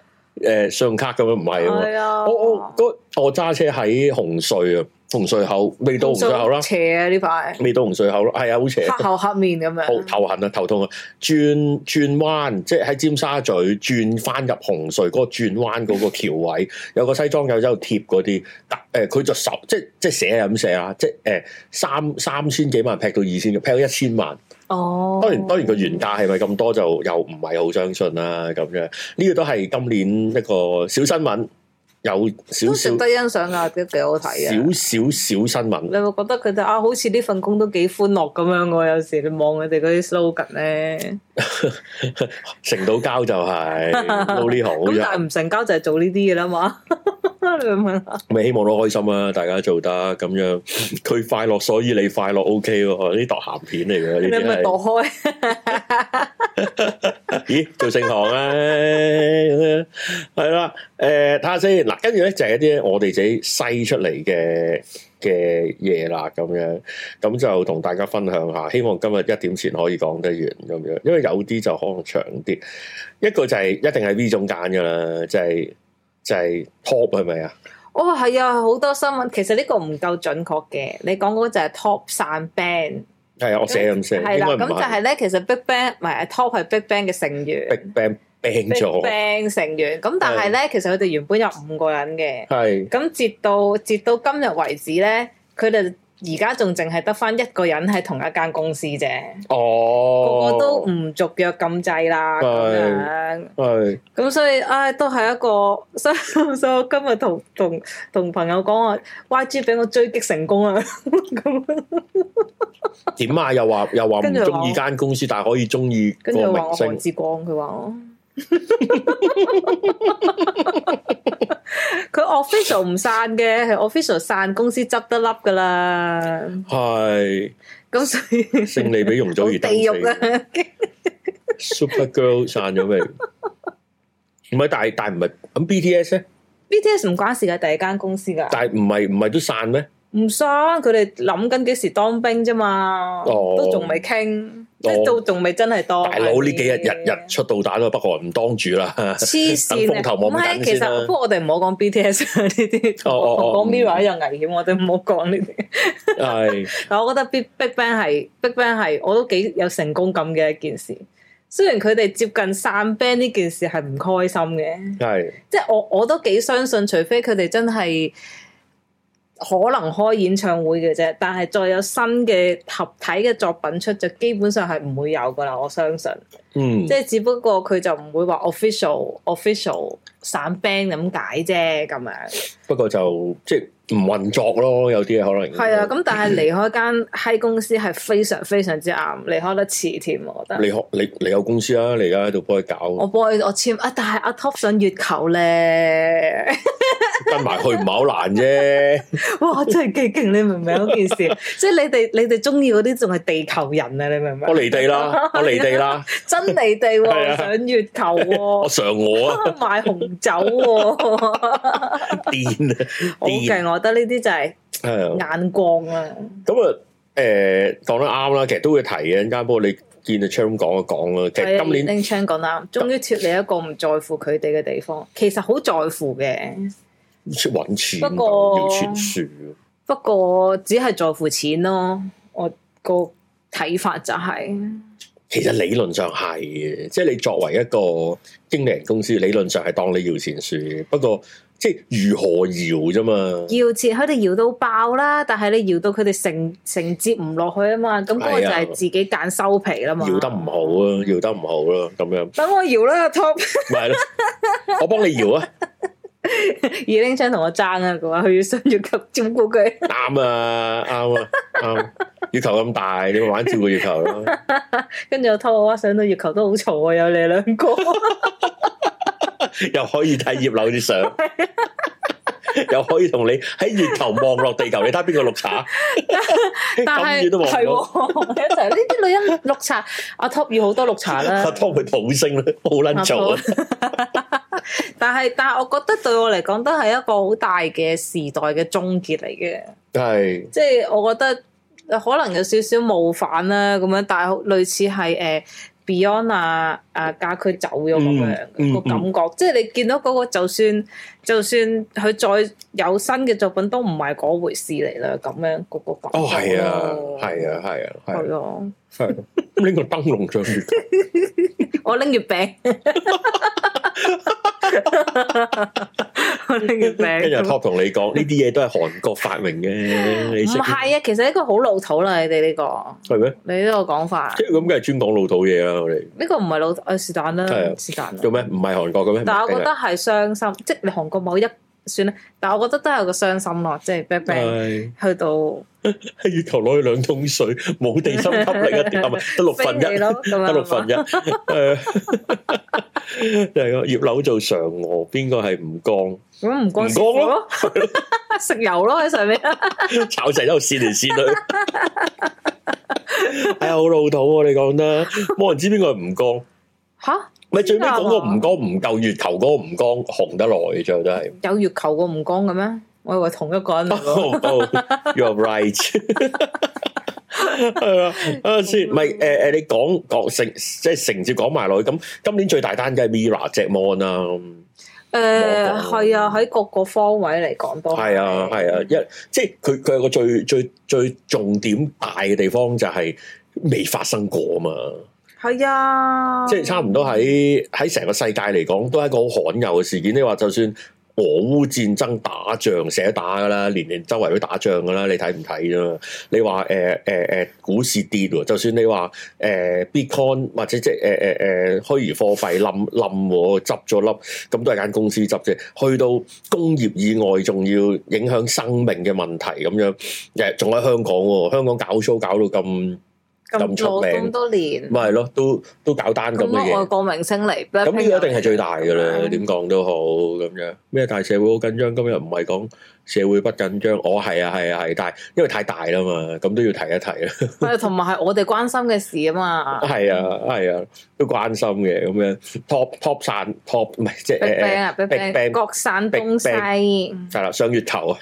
誒信用卡咁樣，唔係啊！我我我揸車喺紅隧啊，紅隧口未到紅隧口啦，斜啊呢排，未到紅隧口啦，係啊好斜，黑頭黑面咁樣，頭痕啊頭,頭痛啊，轉轉彎，即係喺尖沙咀轉翻入紅隧嗰個轉彎嗰個橋位，有個西裝友喺度貼嗰啲，誒、呃、佢就手即係即係寫咁寫啊，即係誒、呃、三三,三千幾萬劈到二千嘅，劈到一千萬。哦，當然當然個原價係咪咁多就又唔係好相信啦、啊、咁樣，呢個都係今年一個小新聞。有少少都值得欣賞啊，都幾好睇啊！少少少新聞，你會覺得佢哋啊，好似呢份工都幾歡樂咁樣。我有時你望佢哋嗰啲 slogan 咧， 成到膠就係、是、 做呢行。但係唔成膠就係做呢啲嘢啦嘛。 你咪希望都開心啊！大家做得咁樣，佢 快樂，所以你快樂、OK 啊。O K，哦，呢度鹹片嚟嘅，你咪躲開。 咦？做聖堂啊？咁樣係啦。誒、呃，睇下先。嗱，跟住咧就係、是、一啲我哋自己篩出嚟嘅嘅嘢啦，咁樣咁就同大家分享下，希望今日一點前可以講得完咁樣，因為有啲就可能長啲。一個就係、是、一定係 V 中間噶啦，就係、是、就係、是、Top 係咪、哦、啊？哦，係啊，好多新聞。其實呢個唔夠準確嘅，你講嗰就係 Top 散 band、嗯。係啊，我寫咁寫。係啦，咁、啊、就係咧。其實 Big Bang 唔、哎、係 Top 係 Big Bang 嘅成員。Big、Bang 病咗病成員咁，但係咧，是其實佢哋原本有五個人嘅，係咁是截到截到今日為止咧，佢哋而家仲淨係得翻一個人喺同一間公司啫。哦，個個都唔續約咁滯啦，咁係咁，人是所以唉、哎，都係一個。所以所以今日同同同朋友講話，Y G 俾我追擊成功啊！點 這樣 啊？又話又話唔中意間公司，但係可以中意個明星。唔止光佢話。佢 official 唔散嘅，係 official 散，公司執得笠噶啦。係，咁所以勝利俾容祖兒地獄啦！Super Girl 散咗未？唔係，但係但係唔係咁 BTS 咧？BTS 唔關事嘅，第二間公司噶，但係唔係唔係都散咩？唔散，佢哋諗緊幾時當兵啫嘛，都仲未傾。即係都仲未真係多的，大佬呢幾日日日出倒打咯， 不過唔當住啦。黐線，唔係其實，不過、哦、 我哋唔好講 B T S 呢啲，我講 Mirror 又危險，我哋唔好講呢啲。係，但我覺得 Big Bang 係 Big Bang 係，我都幾有成功感嘅一件事。雖然佢哋接近散 band 呢件事係唔開心嘅，係是的，即係我我都幾相信，除非佢哋真係。可能開演唱會嘅啫，但係再有新嘅合體嘅作品出就基本上係唔會有㗎喇，我相信。嗯，即係只不過佢就唔會話 official official 散 band 咁解啫咁樣。不過就即係。唔運作咯，有啲嘢可能係啊，咁但係離開間嗨公司係非常非常之啱，離開得遲添，我覺得。離開你，你有公司啦，你而家喺度幫佢搞。我幫佢，我簽啊，但係阿 Top 上月球咧，跟埋去唔係好難啫。哇，真係幾勁！你明唔明嗰件事？即係你哋，你哋中意嗰啲仲係地球人啊？你明唔明？我離地啦，我離地啦，真離地喎，上月球喎，我上我啊，買紅酒，癲啊，好勁我！覺得呢啲就係眼光啊。咁啊、嗯，誒，講、呃、得啱啦。其實都會提嘅。陣間，不過你見阿 Charm 講就講啦。其實今年講啱，終於脫離一個唔在乎佢哋嘅地方。其實好在乎嘅，搵錢搖錢樹。錢，不過只係在乎錢咯。我個睇法就係、是，其實理論上係嘅。即、就、係、是、你作為一個經理人公司，理論上係當你搖錢樹。不過。即係如何搖啫成嘛，搖切佢哋搖到爆啦，但係你搖到佢哋承成接唔落去啊嘛，咁嗰個就係自己揀收皮啦嘛。搖得唔好啊，搖得唔好咯，啊，咁樣。等我搖啦，阿 Tom。咪咯，我 幫 你搖 ma isu 啊。二丁槍同我爭啊，佢話佢要上月球照顧佢。啱啊，啱啊，啱。月球咁大，你玩照顧月球咯。跟住阿 Tom 我話上到月球都好嘈啊，有你兩個。 又可以睇葉柳啲相， 又可以同你喺月球望落地球，你睇下邊個綠茶？ 但係，咁遠是 都望到。係喎，其實呢啲女人綠茶，阿 Top 要好多綠茶啦。阿 Top 佢土星啦，好卵醜啊！寶寶 但係，但係，我覺得對我嚟講都係一個好大嘅時代嘅終結嚟嘅。係，即係我覺得可能有少少冒犯啦，咁樣，但係類似係誒。呃 Beyond 啊啊，嫁佢走咗咁、嗯、樣，個感覺，嗯、即係你見到嗰個，就算、嗯、就算佢再有新嘅作品，都唔係嗰回事嚟啦。咁樣嗰個感覺，哦，係啊，係啊，係啊，係咯。 拎個燈籠上去，我拎月餅。我拎月餅。跟住 Top 同你講，呢啲嘢都係韓國發明嘅。唔係啊，其實呢個好老土啦，你哋呢個係咩？你呢個講法，即係咁，梗係專講老土嘢啦。我哋呢個唔係老土，是但啦，係啊，是但。做咩？唔係韓國嘅咩？但係我覺得係傷心，即係你韓國某一算咧。但係我覺得都係個傷心咯，即係 black black 去到。喺月球攞去兩桶水，冇地心吸力啊，得六分一，得六分一，誒，就係咁，葉柳做嫦娥，邊個係吳剛？咁吳剛，吳剛咯，食油咯喺上面，炒成咗線嚟線去，係啊，好老土喎！你講得，冇人知邊個係吳剛。吓，咪最尾講個吳剛唔夠月球個吳剛紅得耐，最後，都係有月球個吳剛噉樣。我以為同一個人嚟咯，You're right。係啊，先，唔係誒誒，你講講成即係承接講埋落去。咁今年最大單嘅係 Mira J Mon 啦。誒，係啊，喺各個方位嚟講都係啊，係啊，一即係佢佢有個最最最重點大嘅地方就係未發生過嘛。係啊，即係差唔多喺喺成個世界嚟講都係一個好罕有嘅事件。你話就算。俄烏戰爭打仗成日打噶啦，年年周圍都打仗噶啦，你睇唔睇啫？你話誒誒誒股市跌喎，哦，就算你話誒、呃、Bitcoin 或者即係誒誒誒虛擬貨幣冧冧喎，執咗粒咁都係間公司執啫。去到工業以外，仲要影響生命嘅問題咁樣，誒仲喺香港喎，哦，香港搞 show 搞到咁。咁出名，咁多年，咪係咯，都都搞單咁嘅嘢。咁外國明星嚟，咁呢個一定係最大噶啦，點講的都好咁樣。咩大社會好緊張，今日唔係講社會不緊張，我、哦、係啊係啊係、啊，但因為太大啦嘛，咁都要提一提啦。係同埋係我哋關心嘅事啊嘛。係啊係啊，啊，都關心嘅咁樣。Top top, top 山 top 唔係即係北北北北，各山東西，上月頭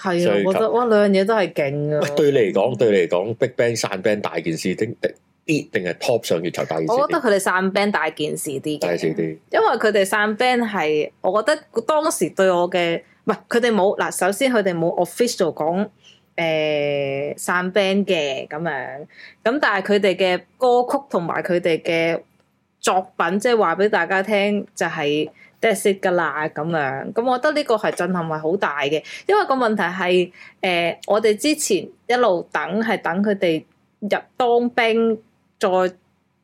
係，啊、以我覺得哇，兩樣嘢都係勁啊！對你嚟講，對你嚟講，Big Bang 散 band 大件事，定定啲定係 Top 上月球大件事？我覺得佢哋散 band 大件事啲，大少啲。因為佢哋散 band 係，我覺得當時對我嘅，唔係佢哋冇嗱，首先佢哋冇 official 講誒散 band 嘅咁樣，咁但係佢哋嘅歌曲同埋佢哋嘅作品，即係話俾大家聽就係、是。即係㗎啦，咁樣，咁我覺得呢個係震撼係好大嘅，因為個問題係誒、呃，我哋之前一路等係等佢哋入當兵，再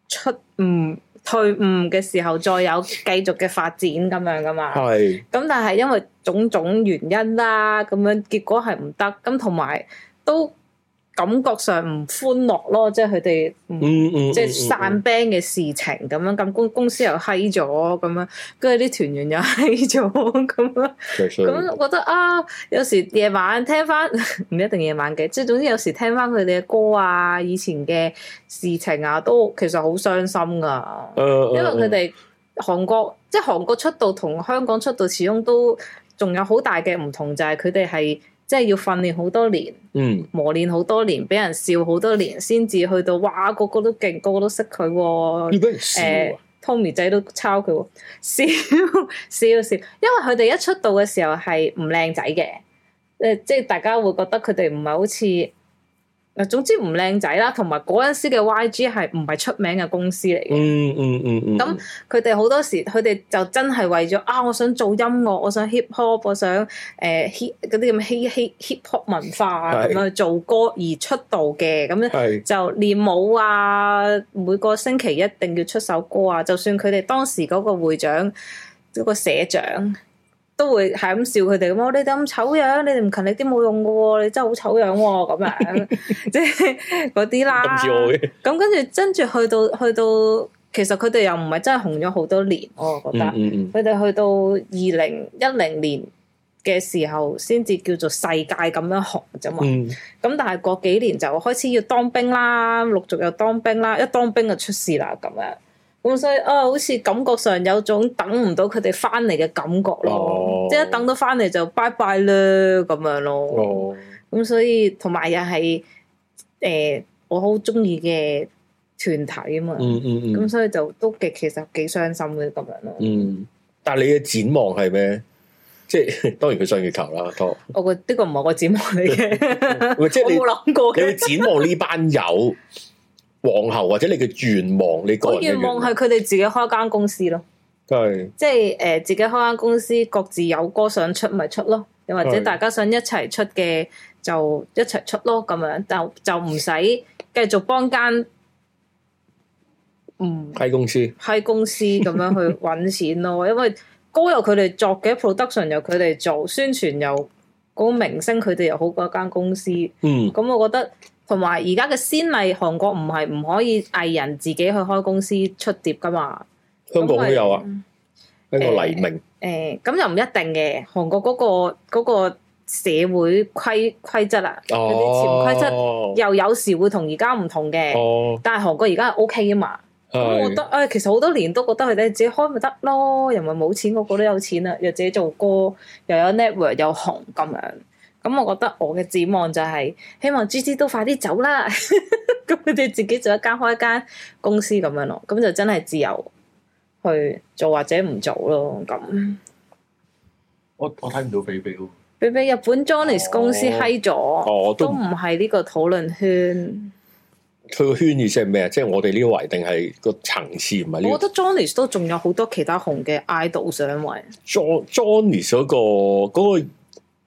出唔退伍嘅時候，再有繼續嘅發展咁樣噶嘛。係。咁但係因為種種原因啦、啊，咁樣結果係唔得，咁同埋都。感覺上唔歡樂咯，即係佢哋，即係散 band 嘅事情咁樣，咁公公司又閪咗咁樣，跟住啲團員又閪咗咁樣，咁覺得啊，有時夜晚聽翻，唔 一定夜晚嘅，即係總之有時聽翻佢哋嘅歌啊，以前嘅事情啊，都其實好傷心噶，uh, uh, uh, uh. 因為佢哋韓國即係韓國出道同香港出道始終都仲有好大嘅唔同，就係佢哋係。即係要訓練好多年，磨練好多年，俾人笑好多年，先至去到哇，個個都勁，個個都識佢、啊。要俾人笑，Tommy 仔都抄佢、啊、笑笑笑，因為佢哋一出道嘅時候係唔靚仔嘅，誒、呃，即係大家會覺得佢哋唔係好似。嗱，總之唔靚仔啦，同埋嗰陣時嘅 YG 係唔係出名嘅公司嚟嘅。嗯嗯嗯嗯。咁佢哋好多時，佢哋就真係為咗啊，我想做音樂，我想 hip hop，我想誒 hit 嗰啲咁嘅 hip hip hop 文化咁樣做歌而出道嘅。咁樣就練舞啊，每個星期一定要出首歌啊。就算佢哋當時嗰個會長，嗰個社長，都會係咁笑佢哋咁，我你哋咁醜樣，你哋唔勤力啲冇用噶喎，你真係好醜樣喎咁樣， 即係嗰啲啦。咁跟住，跟住去到去到，其實佢哋又唔係真係紅咗好多年，我覺得。嗯嗯嗯。佢哋去到二零一零年嘅時候，先至叫做世界咁樣紅啫嘛。嗯。咁但係過幾年就開始要當兵啦，陸續又當兵啦，一當兵就出事啦咁樣。咁所以啊、哦，好似感覺上有種等唔到佢哋翻嚟嘅感覺咯，哦、即係一等到翻嚟就拜拜啦。咁樣咯。咁、哦、所以同埋又係誒，我好中意嘅團體啊嘛。咁、嗯嗯嗯、所以就都幾其實幾傷心嘅咁樣咯。嗯，但係你嘅展望係咩？即 係當然佢上月球啦。我覺呢個唔係我展望嚟嘅， 我冇諗過你會展望呢班友？ 皇后或者你嘅願望，你個願望係佢哋自己開間公司咯，對即係即係誒，自己開間公司，各自有歌想出咪出咯，又或者大家想一齊出嘅就一齊出咯，咁樣但就唔使繼續幫間嗯喺公司喺公司咁樣去搵錢咯， 因為歌由佢哋作嘅，production 由佢哋做，宣傳又嗰個明星佢哋又好過一間公司，嗯，咁我覺得。同埋而家嘅先例，韓國唔係唔可以藝人自己去開公司出碟噶嘛？香港都為有啊，呢個黎明。誒、欸，咁又唔一定嘅。韓國嗰、嗰個嗰個社會規規則啊，嗰啲潛規則又有時會同而家唔同嘅。哦、但係韓國而家係 OK 啊嘛。是我覺得，誒，其實好多年都覺得佢哋自己開咪得咯，又咪冇錢，個個都有錢啊，又自己做歌，又有 network 又紅咁樣。咁、嗯、我覺得我嘅展望就係希望 G G 都快啲走啦，咁佢哋自己做一間開一間公司咁樣咯，咁就真係自由去做或者唔做咯。咁我我睇唔到肥肥咯，肥肥日本 Johnny's 公司閪咗、哦哦，都唔係呢個討論圈。佢、就是、個圈意思係咩啊？即係我哋呢圍定係個層次唔係、這個？我覺得 Johnny's 都仲有好多其他紅嘅 idol 上位。John Johnny 嗰個、那個。那個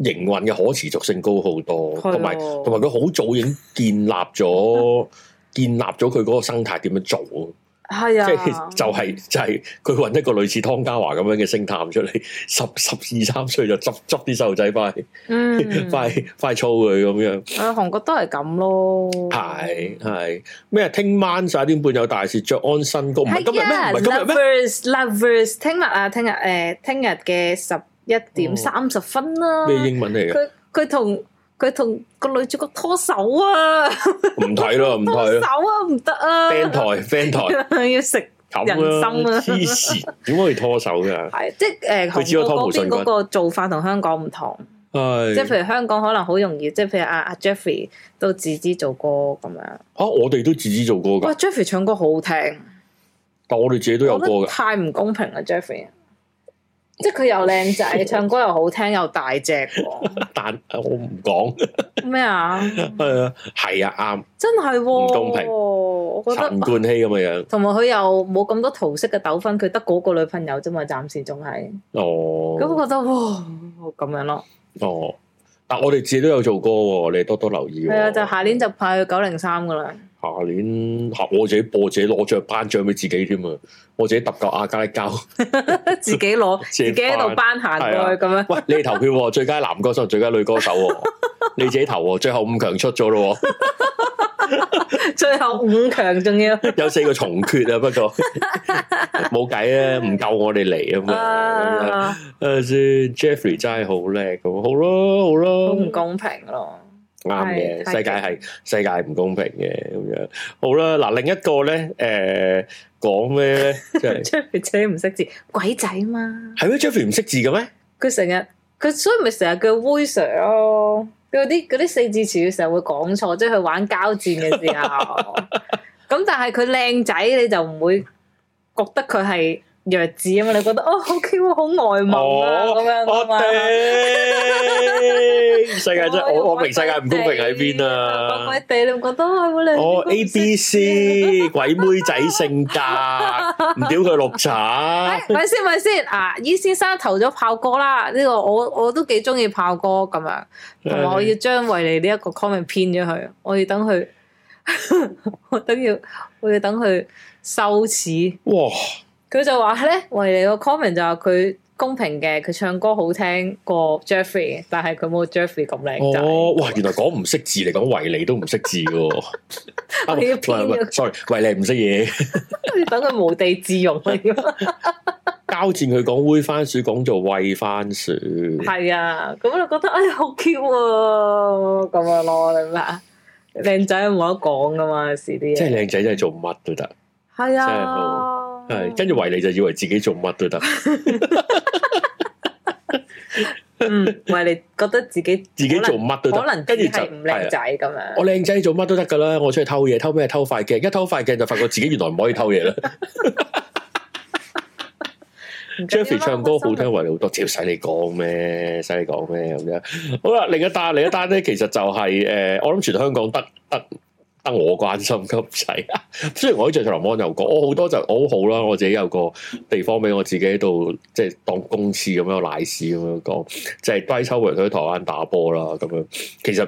營運嘅可持續性高好多，同埋同埋佢好早已經建立咗建立咗佢嗰個生態點樣做，係啊，即係就係就係佢揾一個類似湯家華咁樣嘅星探出嚟，十十二三歲就執執啲細路仔翻去，嗯，快快操佢咁樣。啊，韓國都係咁咯，係係咩？聽晚十一點半有大事，着安新歌。唔係今日咩？唔係今日咩？Lovers，聽日啊，聽日誒，聽日嘅十。一點三十分啦。咩英文嚟嘅？佢佢同佢同個女主角拖手啊！唔睇咯，唔睇咯。拖手啊，唔得啊！Band 台 Band 台，要食人心啊！黐線，點可以拖手噶？係即係誒，韓國嗰邊嗰個做法同香港唔同。係即係譬如香港可能好容易，即係譬如阿阿 Jeffrey 都自資做歌咁樣。吓，我哋都自資做歌噶。Jeffrey 唱歌好好聽，但我哋自己都有歌嘅。太唔公平啦，Jeffrey。即係佢又靚仔， 唱歌又好聽，又大隻、啊。 但我唔講咩啊？係啊，係啊，啱。真係唔公平。我覺得陳冠希咁嘅樣，同埋佢又冇咁多桃色嘅糾紛，佢得嗰個女朋友啫嘛，暫時仲係。哦，咁我覺得哇，咁樣咯、啊。哦，但我哋自己都有做歌、啊，你多多留意、啊。係 啊，就是、下年就派去九零三噶啦。下年，下我自己播自己攞住個頒獎俾自己添啊！我自己揼夠阿加力膠，自己攞，自己喺度頒下過去咁樣。喂，啊、你投票最佳男歌手、最佳女歌手，你自己投，最後五強出咗咯，最後五強仲要，有四個重缺啊！不過冇計啊，唔夠我哋嚟啊嘛？係咪先？Jeffrey 真係好叻㗎，好咯，好咯，好唔公平咯。啱嘅，世界係世界係唔公平嘅咁樣。好啦，嗱，另一個咧，誒，講咩咧？即係 Jeffy 姐唔識字，鬼仔嘛？係咩？Jeffy 唔識字嘅咩？佢成日佢所以咪成日叫威 Sir 咯。佢啲嗰啲四字詞成日會講錯，即係玩交戰嘅時候。咁但係佢靚仔，你就唔會覺得佢係。弱智啊嘛！你覺得哦，好 Q，好外貌啊，咁樣啊嘛！世界真，我我明世界唔公平喺邊啊！鬼哋，你唔覺得啊？好靚！哦，A B C，鬼妹仔性格唔屌佢綠茶，係咪先？係咪先？啊！尹先生投咗炮哥啦，呢個我我都幾中意炮哥咁樣，同埋我要將維尼呢一個 comment 編咗佢，我要等佢，我都要，我要等佢羞恥。哇！佢就話咧，維尼個 comment 就話佢公平嘅，佢唱歌好聽過 Jeffrey，但係佢冇 Jeffrey 咁靚仔。哦，哇，原來講唔識字嚟講維尼都唔識字嘅。Sorry，維尼唔識嘢。Sorry，等佢無地自容啊！交戰佢講煨番薯，講做喂番薯。係啊，咁我就覺得哎，好 cute 啊，咁樣咯，係咪？靚仔冇得講噶嘛，是啲。即係靚仔真係做乜都得。係啊。真係好。係，跟住維尼就以為自己做乜都得。 嗯，維尼覺得自己自己做乜都得，可能跟住就唔靚仔咁樣。我靚仔做乜都得噶啦，我出去偷嘢，偷咩偷塊鏡，一偷塊鏡就發覺自己原來唔可以偷嘢啦。 Jeffy 唱歌好聽，維尼好多，仲使你講咩？使你講咩咁樣？好啦，另一單，另一單咧，其實就係、是、誒，我諗全香港得得。我關心咁滯，雖然我喺最巢藍灣又講，我好多就好好啦，我自己有個地方俾我自己喺度，即係當公廁咁樣，賴屎咁樣講，即係歸秋回去台灣打波啦咁樣。其實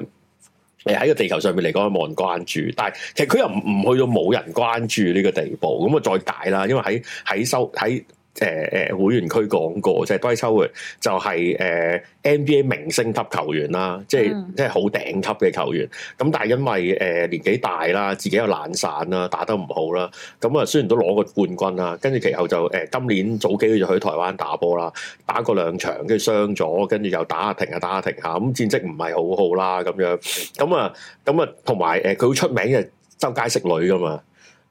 你喺個地球上面嚟講，冇人關注，但係其實佢又唔唔去到冇人關注呢個地步，咁啊再解啦，因為喺喺收喺。誒誒會員區講過，即係 Dwight Howard 就係誒 NBA 明星級球員啦，嗯、即係即係好頂級嘅球員。咁但係因為誒年紀大啦，自己又懶散啦，打得唔好啦。咁啊，雖然都攞過冠軍啦，跟住其後就誒今年早幾就去台灣打波啦，打過兩場，跟住傷咗，跟住又打下停下打下停下，咁戰績唔係好好啦咁樣。咁啊咁啊，同埋誒佢好出名嘅周、就是、街食女噶嘛。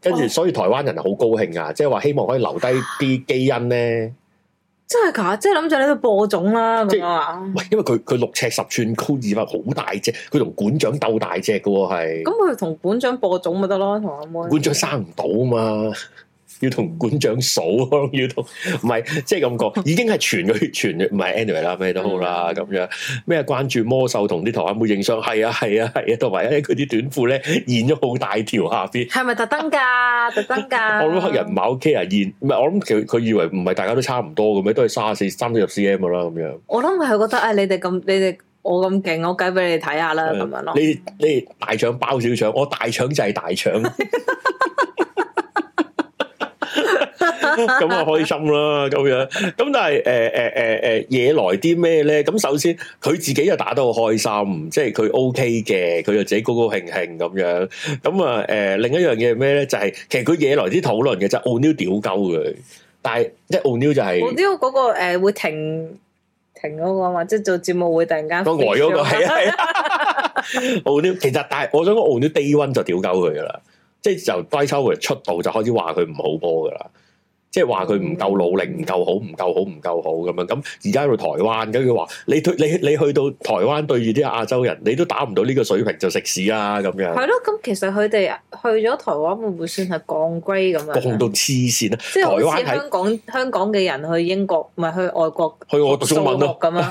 跟住，所以台灣人好高興啊！即係話希望可以留低啲基因咧，真係噶！即係諗住喺度播種啦咁樣啊！喂，因為佢佢六尺十寸，高二分好大隻，佢同館長鬥大隻嘅喎，啊，係咁佢同館長播種咪得咯，同阿妹館長生唔到啊嘛。要同館長數咯， 要同唔係即係咁講，已經係傳咗傳唔係 anyway 啦，咩都好啦咁樣咩關注魔獸同啲台妹影相，係啊係啊係啊，同埋佢啲短褲咧現咗好大條下邊，係咪特登噶？特登噶！我諗黑人唔係 OK 啊，現唔係我諗佢佢以為唔係大家都差唔多嘅咩，都係三四三四十 CM 啦咁樣。我諗係佢覺得誒、哎，你哋咁你哋我咁勁，我計俾你哋睇下啦咁樣咯。你你大腸包小腸，我大腸就係大腸。 咁啊 開心啦，咁樣，咁但係誒誒誒誒惹來啲咩咧？咁首先佢自己又打得好開心，即係佢 OK 嘅，佢又自己高高興興咁樣。咁啊誒，另一樣嘢係咩咧？就係、是、其實佢惹來啲討論嘅就 Onew 屌鳩佢，但係即係 Onew 就係 Onew 嗰個誒、呃、會停停嗰個嘛，即係做節目會突然間、那個呆嗰個係啊。啊、 Onew 其實但係我想講 Onew Day One 就屌鳩佢噶啦，即係就 High c h o p p 出道就開始話佢唔好波噶啦。即係話佢唔夠努力，唔夠好，唔夠好，唔夠好咁樣。咁而家喺台灣，跟住話你對你你去到台灣對住啲亞洲人，你都打唔到呢個水平就食屎啦咁樣。係咯，咁其實佢哋去咗台灣會唔會算係降 grade 咁啊？降到黐線啦！台即係好似香港在香港嘅人去英國，唔係去外國去我讀中文咯咁啊？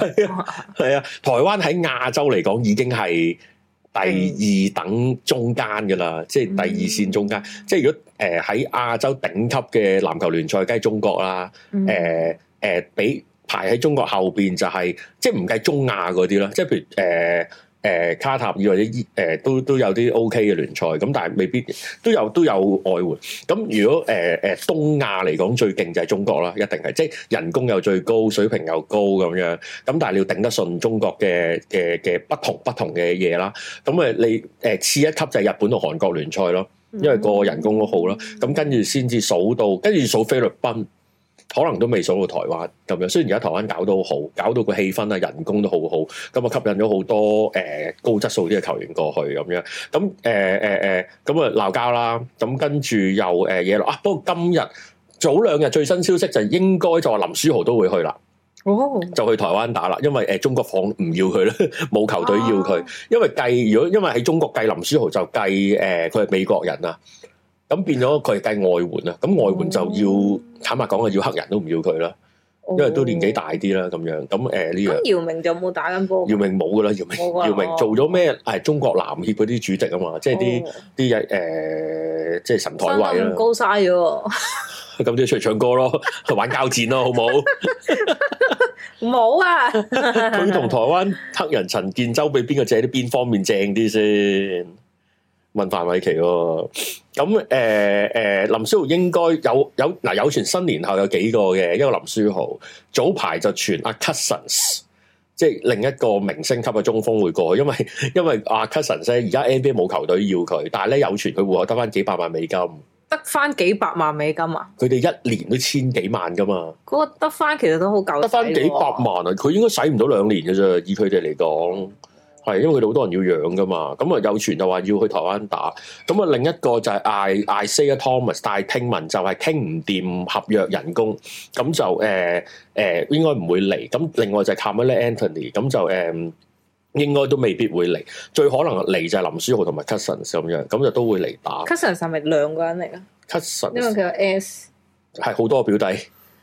係啊，台灣喺亞洲嚟講已經係。第二等中間嘅啦，即係第二線中間。嗯、即係如果誒喺、呃、亞洲頂級嘅籃球聯賽，梗係中國啦。誒誒、嗯，比、呃呃、排喺中國後邊就係、是，即係唔計中亞嗰啲啦。即係譬如誒。呃誒、呃、卡塔爾或者誒、呃、都都有啲 O K 嘅聯賽咁，但係未必都有都有外援咁、嗯。如果誒誒、呃、東亞嚟講最勁就係中國啦，一定係即係人工又最高，水平又高咁樣。咁但係你要頂得順中國嘅嘅嘅不同不同嘅嘢啦。咁、嗯、啊，你誒、呃、次一級就係日本同韓國聯賽咯，因為個人工都好啦。咁、嗯嗯、跟住先至數到，跟住數菲律賓。可能都未數到台灣咁樣，雖然而家台灣搞得好好，搞到個氣氛啊、人工都好好，咁啊吸引咗好多誒、呃、高質素啲嘅球員過去咁樣。咁誒誒誒，咁啊鬧交啦。咁、呃、跟住又誒嘢落啊。不過今日早兩日最新消息就應該就話林書豪都會去啦。哦，就去台灣打啦，因為誒、呃、中國房唔要佢咧，冇 球隊要佢。因為計如果因為喺中國計林書豪就計誒佢係美國人啊。咁變咗佢係計外援啦，咁外援就要、嗯、坦白講係要黑人都唔要佢啦，因為都年紀大啲啦，咁樣咁誒呢樣。姚明就冇打緊波，姚明冇噶啦，姚明姚明做咗咩？誒、啊，中國籃協嗰啲主席啊嘛、啊，即係啲啲誒，即係神台位啦。高晒㗎。咁都要出嚟唱歌咯，去玩交戰咯，好冇？冇 有啊！佢 同 台灣黑人陳建州比邊個正啲邊方面正啲先？問范偉琪咯，咁誒誒林書豪應該有有嗱、呃、有傳新年後有幾個嘅，一個林書豪早排就傳阿 Cousins，即係另一個明星級嘅中鋒會過去，因為因為阿 Cousins 咧而家 NBA 冇球隊要佢，但係咧有傳佢會得翻幾百萬美金，得翻幾百萬美金啊！佢哋一年都千幾萬噶嘛，個得翻其實都好夠，得翻幾百萬啊！佢應該使唔到兩年嘅啫，以佢哋嚟講。係，因為佢哋好多人要養㗎嘛，咁啊有傳就話要去台灣打，咁啊另一個就係 I Isaiah Thomas，但係聽聞就係傾唔掂合約人工，咁就誒誒應該唔會嚟。咁另外就係 Carmelo Anthony，咁就誒應該都未必會嚟。最可能嚟就係林書豪同埋 Cousins 咁樣，咁就都會嚟打。Cousins 係咪兩個人嚟啊？Cousins 因為佢有 S 係好多個表弟。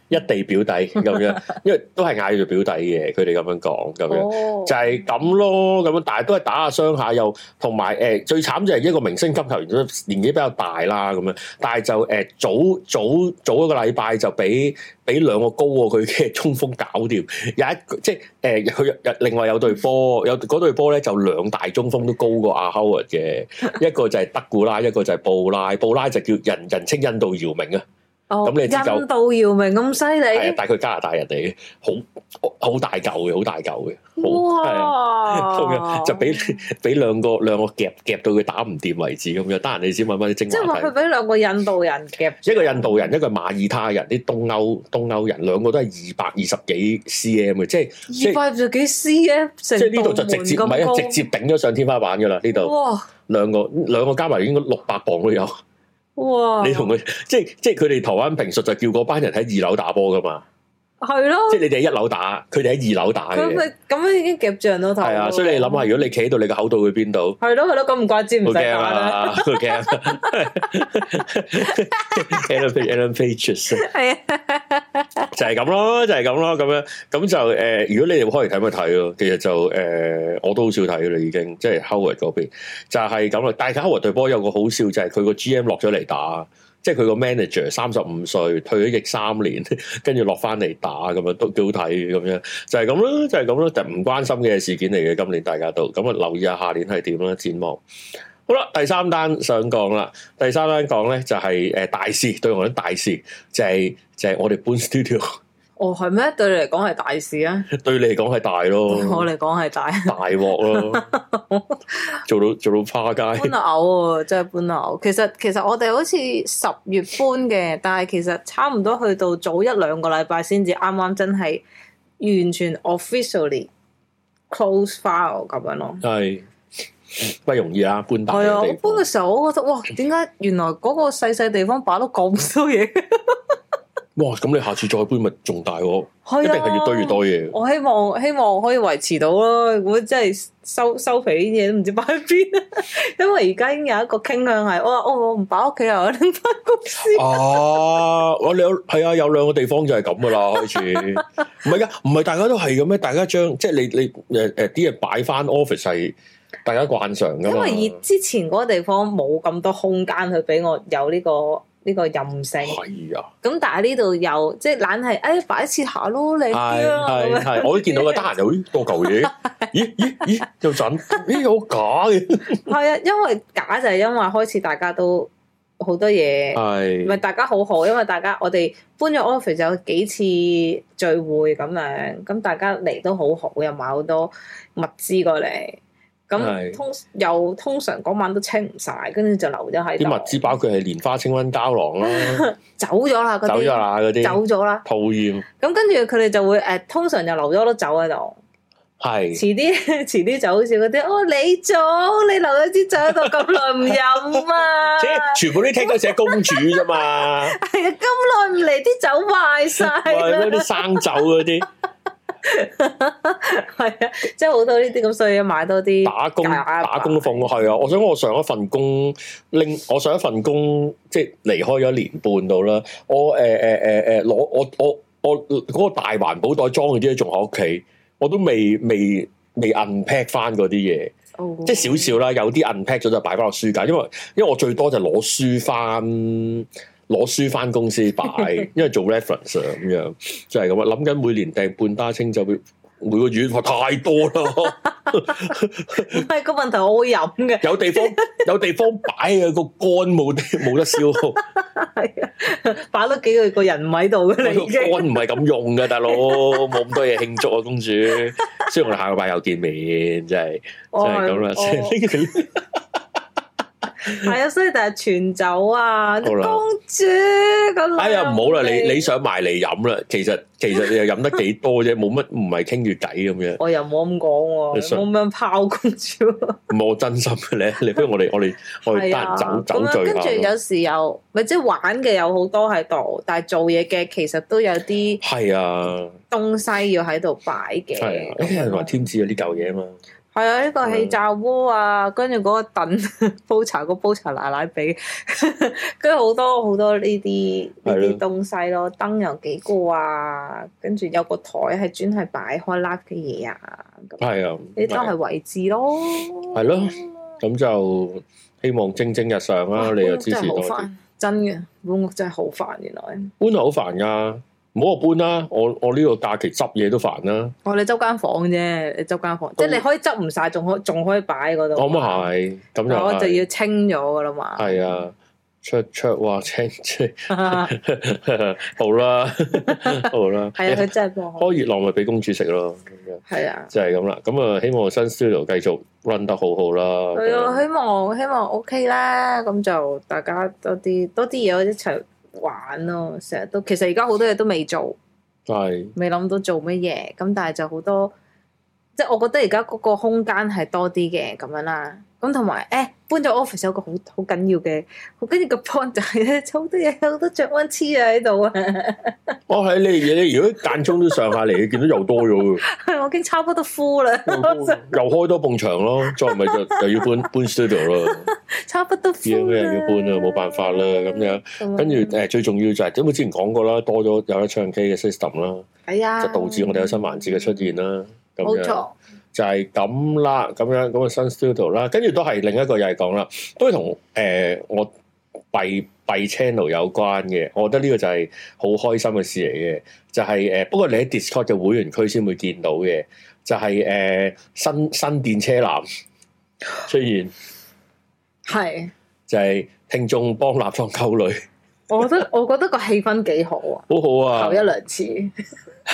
一地表弟咁樣，因為都係嗌住表弟嘅，佢哋咁樣講咁樣，oh. 就係咁咯咁樣。但係都係打下傷下又，同埋誒最慘就係一個明星級球員，咁年紀比較大啦咁樣。但係就誒、呃、早早早一個禮拜就比比兩個高過佢嘅中鋒搞掂，有一即係誒有另外有隊波，有嗰隊波咧就兩大中鋒都高過阿 Howard 嘅，一個就係德古拉，一個就係布拉，布拉就叫人人稱印度姚明啊。咁你、哦、印度姚明咁犀利？係，但係佢加拿大人哋好好大嚿嘅，好大嚿嘅。哇！咁樣就俾俾兩個兩個夾夾到佢打唔掂為止咁樣，得人哋先問翻啲精華。即係話佢俾兩個印度人夾， 一個印度人，一個馬爾他人，啲東歐東歐人，兩個都係二百二十幾 cm 嘅，cm? 即係二百二十幾 cm。即係呢度就直接唔係直接頂咗上天花板噶啦，呢度。哇！兩個兩個加埋應該六百磅都有。 哇你，你同佢即係即係佢哋台灣評述就叫嗰班人喺二樓打波㗎嘛？係咯，即係你哋喺一樓打，佢哋喺二樓打嘅。咁咪咁樣已經夾住人咯，係啊。所以你諗下，如果你企喺度，你個口度去邊度？係咯係咯，咁唔怪之唔使。驚啊！冇驚。Alan Page，Alan Page 出聲。係啊，就係咁咯，就係咁咯，咁樣咁就誒，如果你哋開嚟睇咪睇咯。其實就誒，我都好少睇啦，已經即係 Howard 嗰邊就係咁啦。但係 Howard 對波有個好笑就係佢個 GM 落咗嚟打。即係佢個 manager 三十五歲，退咗役三年，跟住落翻嚟打咁樣都幾好睇咁樣，就係咁咯，就係咁咯，就唔、是、關心嘅事件嚟嘅。今年大家都咁啊，留意下下年係點啦，展望。好啦，第三單想講啦，第三單講咧就係、是、誒、呃、大事，對我啲大事就係、是、就係、是、我哋搬 studio。哦，係咩？對你嚟講係大事啊？對你嚟講係大咯。對我嚟講係大。大鑊咯！做到做 到趴街搬樓喎，真係搬樓。其實其實我哋好似十月搬嘅，但係其實差唔多去到早一兩個禮拜先至啱啱真係完全 officially close file 咁樣咯。係 不容易啊，搬大。係啊，我搬嘅時候我覺得哇，點解原來嗰個細細地方擺到咁多嘢？ 哇！咁你下次再搬咪仲大？啊、一定係越堆越多嘢。我希望希望可以維持到咯。如果真係收收皮啲嘢都唔知擺喺邊啊！因為而家已經有一個傾向係，我、哦、我我唔擺屋企又拎翻公司。啊！ 我兩係啊，有兩個地方就係咁噶啦，開始。唔係噶，唔係大家都係咁咩？大家將即係你你誒誒啲嘢擺翻 office 係，呃、大家慣常噶因為之前嗰個地方冇咁多空間去俾我有呢、這個。呢個任性係啊！咁但係呢度又即係懶係，誒、哎、擺設下咯，你係係係，我都見到嘅。得閒就咦多嚿嘢，咦咦咦就準，咦好假嘅。係啊，因為假就係因為開始大家都好多嘢，係咪係大家好好？因為大家我哋搬咗 office 就有幾次聚會咁樣，咁大家嚟都好好，又買好多物資過嚟。咁、嗯嗯、通又通常嗰晚都清唔晒，跟住就留咗喺度，啲物資包括係蓮花清瘟膠囊啦，走咗啦，走咗啦，嗰啲走咗啦，抱怨。咁跟住佢哋就會誒，通常就留咗啲酒喺度。係是，遲啲遲啲就好似嗰啲哦，你早，你留咗支酒喺度咁耐唔飲啊？即係 全部啲聽都寫公主啫嘛。係啊、 哎，咁耐唔嚟啲酒壞晒，係 啲、哎、生酒嗰啲。係 啊，即係好多呢啲咁，所以買多啲打工爸爸打工奉係啊！我想我上一份工令我上一份工即係離開咗一年半到啦。我誒誒誒誒，攞、欸欸欸、我我我、嗰個大環保袋裝嘅啲，仲喺屋企，我都未未未 unpack 翻嗰啲嘢，oh. 即係少少啦。有啲 unpack 咗就擺翻落書架，因為因為我最多就攞書翻。攞書翻公司擺，因為做 reference 咁樣就係咁啊！諗緊、就是、每年訂半打清酒，每個月怕太多啦。係、 個問題，我會飲嘅。有地方擺，有地方擺啊，個肝冇冇得消耗。係啊，擺多幾個個人唔喺度嘅，你個肝唔係咁用嘅，大佬冇咁多嘢慶祝啊，公主。雖然我哋下個拜又見面，真係真係咁啦，.係啊，所以就係全酒啊，公主咁。哎呀，唔好啦，你你想埋嚟飲啦，其實其實你又飲得幾多啫，冇乜，唔係傾住偈咁樣。我又冇咁講，冇咁說樣拋公主。冇真心嘅咧，你不如我哋我哋 我哋得人酒酒醉啦。咁跟住有時又咪即係玩嘅有好多喺度，但係做嘢嘅其實都有啲係啊東西要喺度擺嘅。係啊，啲人話天子有啲舊嘢啊嘛。係、嗯、啊，呢個氣炸鍋啊，跟住嗰個凳煲茶，個煲茶奶奶比，跟住好多好多呢啲呢啲東西咯，的燈又幾個啊，跟住有個台係專係擺開拉嘅嘢啊，咁的，呢都係位置咯，係咯，咁就希望蒸蒸日上啦，啊，哎，你又支持多真嘅，搬屋真係好，謝好煩，原來搬好煩噶。唔好我搬啦、啊，我我呢個假期執嘢都煩啦、啊。我哋租間房啫，你租間房，房即係你可以執唔晒，仲可仲可以擺嗰度。咁啊係，咁就是、我就要清咗噶啦嘛。係啊，出出哇清清，好啦 好啦，係 啊，佢真係開熱浪咪俾公主食咯，係啊，就係咁啦。咁啊，希望新 studio 繼續 run 得好好啦。係啊，希望希望 OK 啦，咁就大家多啲多啲嘢一齊。玩咯、哦，成日都其實而家好多嘢都未做，係未諗到做乜嘢，咁但係就好多，即係我覺得而家嗰個空間係多啲嘅咁樣啦。咁同埋，誒、欸，搬咗 office 有個好好緊要嘅，跟住個 point 就係、是、咧，好 多嘢，好多雀蚊黐喺度啊！我喺呢嘢咧，如果間中都上下嚟，你見到又多咗嘅。係 我已經差不多 full 啦，又開多埲牆咯，再唔係就又要搬 搬 studio 啦。差不多 full 要咩要搬啊？冇辦法啦，咁樣。 跟住誒、呃，最重要就係、是，咁我之前講過啦，多咗有一唱 K 嘅 system 啦，係啊，就導致我哋有新環節嘅出現啦。冇錯。錯 就係咁啦，咁樣咁嘅新 studio 啦，跟住都係另一個又係講啦，都係同誒我閉閉 channel 有關嘅。我覺得呢個就係好開心嘅事嚟嘅，就係、是、誒、呃、不過你喺 Discord 嘅會員區先會見到嘅，就係、是、誒、呃、新新電車男出現，係就係聽眾幫男方溝女 我。我覺得我覺得個氣氛幾好啊，好好啊，溝一兩次。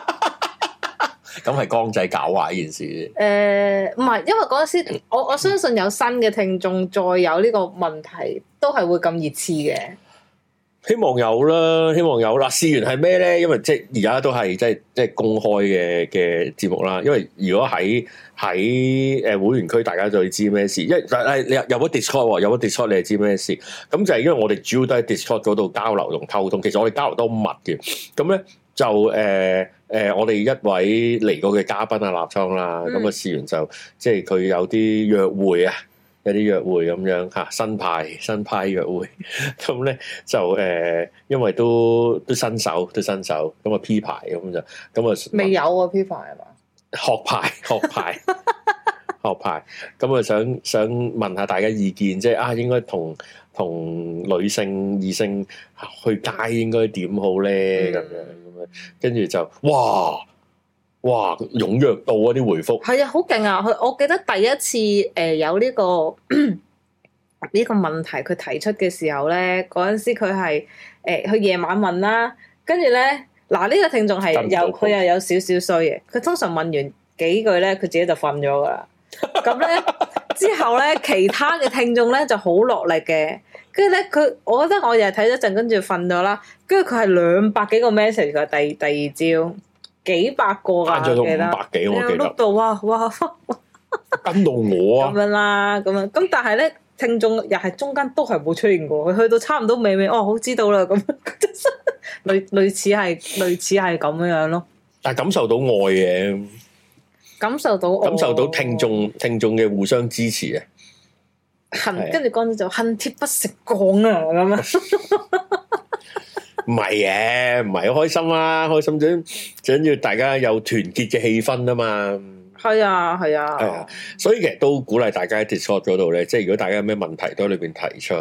咁係江仔搞壞呢件事？誒、呃，唔係，因為嗰陣時，我我相信有新嘅聽眾，再有呢個問題，都係會咁熱刺嘅。希望有啦，希望有啦。試完係咩咧？因為即係而家都係即係即係公開嘅嘅節目啦。因為如果喺喺誒會員區，大家就會知咩事。因為但，但你有個 Discord，有部 Discord，有部 Discord，你係知咩事？咁就係因為我哋主要都喺 Discord 嗰度交流同溝通。其實我哋交流都密嘅。咁咧。就誒誒、呃呃，我哋一位嚟過嘅嘉賓啊，立倉啦，咁啊、嗯、試完就即係佢有啲約會啊，有啲約會咁樣嚇新牌、新牌約會，咁 咧就誒、呃，因為都都新手都新手，咁啊、嗯、P 牌咁就咁啊未有啊 P 牌係嘛，學牌學牌學牌，咁啊、 嗯、想想問下大家意見，即係啊應該同同女性異性去街應該點好咧咁樣，樣呢。 跟住就，哇哇踊躍到啊啲回覆，係啊，好勁啊！佢我記得第一次誒、呃、有呢個呢個問題佢提出嘅時候咧，嗰陣時佢係誒佢夜晚問啦，跟住咧嗱呢個聽眾係有佢又有少少衰嘅，佢通常問完幾句咧，佢自己就瞓咗㗎喇。咁咧， 之後咧，其他嘅聽眾咧就好落力嘅，跟住咧，佢我覺得我又係睇咗陣，跟住瞓咗啦。跟住佢係兩百幾個 message 噶，第二第二招幾百個噶，個記我記得。翻五百幾，我記得。碌到哇哇，哇哇跟到我啊！咁樣啦、啊，咁樣咁、啊，但係咧，聽眾又係中間都係冇出現過，佢去到差唔多尾尾哦，好知道啦，咁類類似係類似係咁樣樣咯。但係感受到愛嘅。感受到感受到聽眾聽眾嘅互相支持 啊！恨跟住江總就恨鐵不成鋼啊咁啊！唔係嘅，唔係好開心啊，開心最最緊要大家有團結嘅氣氛啊嘛！係啊係啊係啊！所以其實都鼓勵大家喺 Discord 嗰度咧，即係如果大家有咩問題都喺裏邊提出。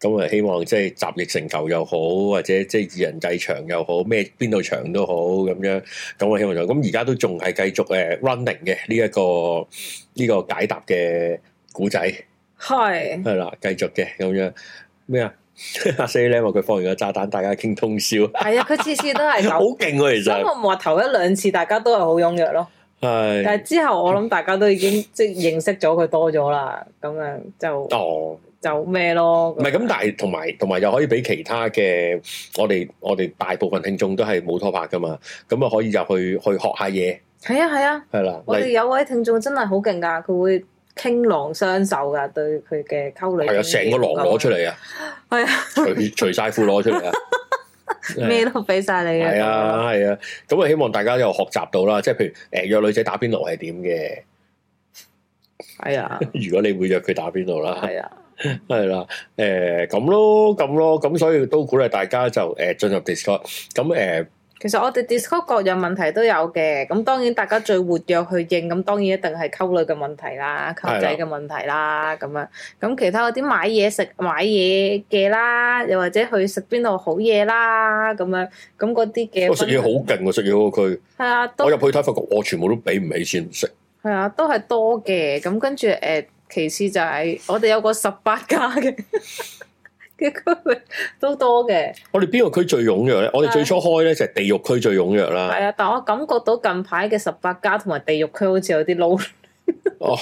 咁啊，希望即係集力成球又好，或者即係二人制場又好，咩邊度場都好咁樣。咁我希望就咁，而家都仲係繼續誒 running 嘅呢一個呢、這個解答嘅古仔。係係啦，繼、嗯、續嘅咁樣咩啊？阿四咧，話佢放完個炸彈，大家傾通宵。係啊，佢次次都係好勁啊，其實。咁我唔話頭一兩次，大家都係好踴躍咯。係是。但係之後，我諗大家都已經即係認識咗佢多咗啦。咁樣就哦。 就咩咯？唔係咁，但係同埋同埋又可以俾其他嘅我哋我哋大部分聽眾都係冇拖拍噶嘛，咁啊可以入去去學下嘢。係啊係啊，係啦、啊。我哋有位聽眾真係好勁噶，佢會傾囊相授噶對佢嘅溝女。係啊，成個囊攞出嚟是啊！係 啊，除晒曬褲攞出嚟啊！咩都俾晒你啊！係啊係啊，咁啊希望大家又學習到啦，即係譬如誒、嗯、約女仔打邊爐係點嘅？係啊、哎呀， 如果你會約佢打邊爐啦，係 啊、哎。係啦，誒，咁咯，咁咯，咁所以都鼓勵大家就誒進入 Discord，咁誒，其實我哋 Discord 各樣問題都有嘅，咁當然大家最活躍去應，咁當然一定係溝女嘅問題啦，溝仔嘅問題啦，咁樣，咁其他嗰啲買嘢食買嘢嘅啦，又或者去食邊度好嘢啦，咁樣，咁嗰啲嘅，我食嘢好勁，食嘢嗰個區，係啊，我入去睇，發覺，我全部都俾唔起先唔食，係啊，都係多嘅，咁跟住誒。其次就係我哋有個十八家嘅嘅區域都多嘅的。是的 我哋邊個區最踴躍咧？我哋最初開咧就係地獄區最踴躍啦。係啊，但我感覺到近排嘅十八家同埋地獄區好似有啲 low。哦，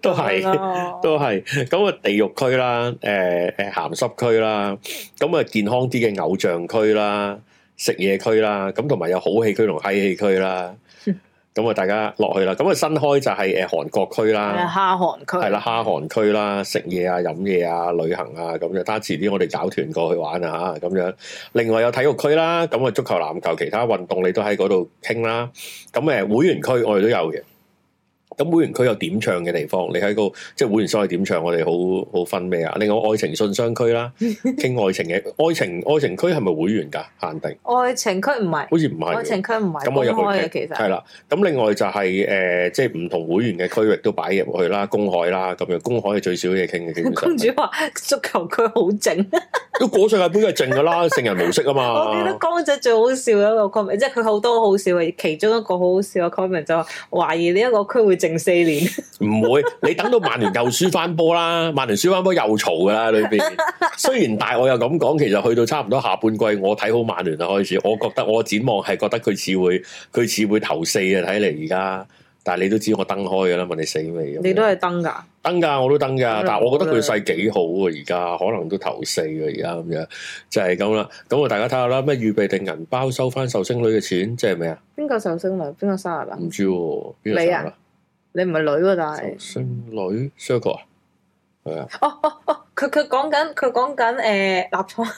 都係都係咁啊！地獄區啦，誒誒鹹濕區啦，咁啊健康啲嘅偶像區啦，食嘢區啦，咁同埋有好戲區同嗨戲區啦。咁啊，大家落去啦。咁啊，新開就係誒韓國區啦，哈韓區，係啦，哈韓區啦，食嘢啊、飲嘢啊、旅行啊，咁就睇下遲啲我哋搞團過去玩啊吓，咁樣。另外有體育區啦，咁啊足球、籃球，其他運動你都喺嗰度傾啦。咁誒，會員區我哋都有嘅。咁會員區有點唱嘅地方，你喺個即係會員所謂點唱，我哋好好分咩啊？另外愛情信箱區啦，傾愛情嘅愛情愛情區係咪會員噶限定？ 愛情區唔係，好似唔係。愛情區唔係公開嘅，其實係啦。咁另外就係、是、誒、呃，即係唔同會員嘅區域都擺入去開啦，公海啦咁樣。公海係最少嘢傾嘅，其實。公主話足球區好靜，都世界杯係靜噶啦，聖人模式啊嘛。 我記得光仔最好笑一個 comment，即係佢好多好笑，嘅，其中一個好好笑嘅 comment 就話、是、懷疑呢一個區會靜。四年唔 會，你等到曼聯又輸翻波啦，曼聯輸翻波又嘈噶啦裡邊。雖然但係我又咁講，其實去到差唔多下半季，我睇好曼聯就開始。我覺得我展望係覺得佢似會，佢似會頭四啊。睇嚟而家，但係你都知我登開噶啦，問你死未？你都係登噶，登噶，我都登噶。但係我覺得佢勢幾好啊，而家可能都頭四啊，而家咁樣就係咁啦。咁啊，大家睇下啦，咩預備定銀包收翻壽星女嘅錢，即係咩啊？邊個壽星女？邊個生日,生日啊？唔知邊個你唔係女喎，但係姓女 circle 啊，係啊！哦哦哦，佢佢講緊佢講緊誒，立倉。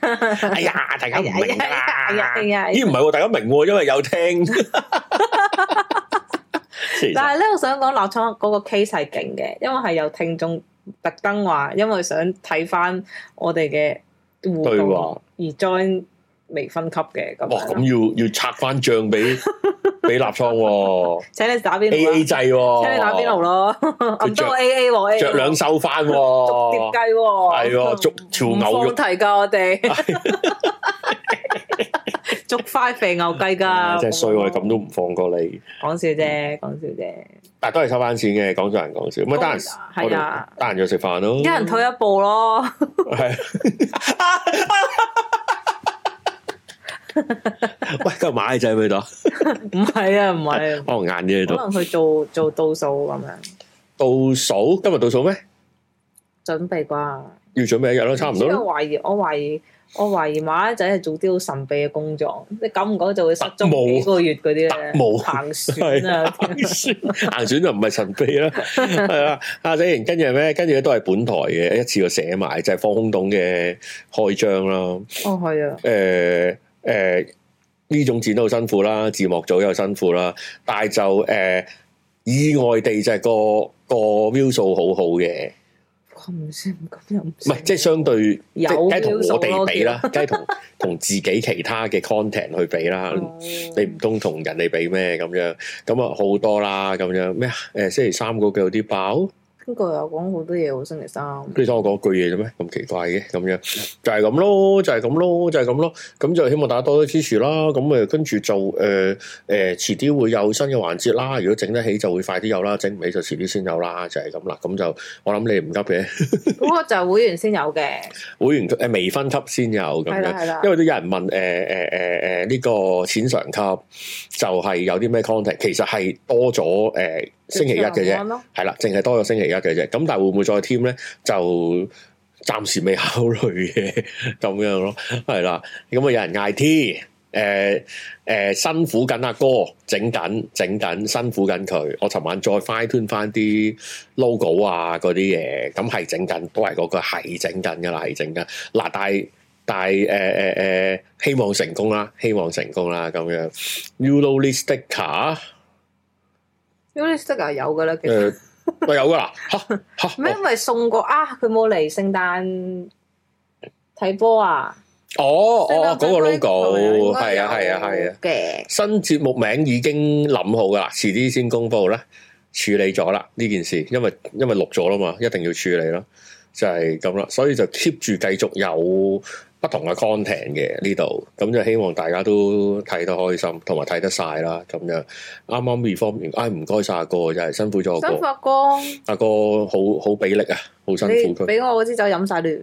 呃、哎呀，大家明啦！咦、哎，唔係喎，大家明喎，因為有聽。 但係咧，我想講立倉嗰個 case 係勁嘅，因為係有聽眾特登話，因為想睇返我哋嘅互動對、啊、而 join。未分級嘅咁。哇！咁要要拆翻帳俾俾立倉喎。請你打邊爐 A A 制喎。請你打邊爐咯。佢著 A A 喎，著兩手翻喎。灼碟雞係喎，灼條牛肉。唔放題，我哋灼塊肥牛雞㗎。真衰，我哋咁都唔放過你。講笑啫，講笑啫。但都係收翻錢嘅，講做人講笑。咪得閒係啊，得閒再食飯咯。一人退一步咯。係。喂，今日馬仔喺咪度？唔係啊，唔係。可能晏啲喺度，可能去做做倒數咁樣。倒數？今日倒數咩？準備啩？要準備一日咯，差唔多。我懷疑，我懷疑，我懷疑馬仔係做啲好神秘嘅工作。你久唔久就會失蹤冇。個月嗰啲冇行船啊！行船就唔係神秘啦。係啊，阿仔然，跟住咩？跟住都係本台嘅一次過寫埋，就係防空洞嘅開張啦。哦，係啊。誒。誒，呢、呃、種展都好辛苦啦，字幕組又辛苦啦，但係就誒、呃、意外地就係個個 view 數好好嘅，唔算咁，又唔算，唔係即係相對，view 即係同我哋比啦，梗係同同自己其他嘅 content 去比啦， 你唔通同人哋比咩咁樣？咁啊好多啦咁樣咩誒、欸，星期三嗰個有啲爆。邊個又講好多嘢喎，星期三。跟住你聽我講句嘢啫咩？咁奇怪嘅咁樣，就係咁咯，就係咁咯，就係咁咯。咁就希望大家多多支持啦。咁誒，跟住做誒誒，遲啲會有新嘅環節啦。如果整得起，就會快啲有啦，整唔起就遲啲先有啦。就係咁啦。咁就我諗你唔急嘅。嗰 我就會員先有嘅。 會員誒未分級先有咁樣，係啦係啦，因為都有人問誒誒誒誒呢個淺層級就係有啲咩 content，其實係多咗誒。呃呃呃星期一嘅啫，係啦，淨係多咗星期一嘅啫。咁但係會唔會再添咧？就暫時未考慮嘅，咁 樣咯，係啦。咁啊，有人嗌 T，誒、呃、誒、呃，辛苦緊阿哥整緊，整緊，辛苦緊佢。我尋晚再 fine tune 翻啲 logo 啊，嗰啲嘢，咁係整緊，都係嗰、嗰個係整緊噶啦，係整緊。嗱，但係但係，誒誒誒，希望成功啦，希望成功啦，咁樣。Uloly sticker。 有噶啦，其實，咪、 呃、有噶啦，咩因為送過啊？佢冇嚟聖誕睇波啊！哦哦，嗰、哦、個 logo 係啊係啊係啊嘅、啊、新節目名已經諗好噶啦，遲啲先公布啦，處理咗啦呢件事，因為因為錄咗啦嘛，一定要處理咯，就係咁啦，所以就 keep 住繼續有。不同嘅 content 嘅呢度，咁就希望大家都睇得開心，同埋睇得晒啦。咁樣，啱啱 reform 完，哎，唔該晒阿哥，真係辛苦咗。辛苦阿哥，阿哥好好俾力啊，好辛苦佢。俾我嗰支酒飲晒啦，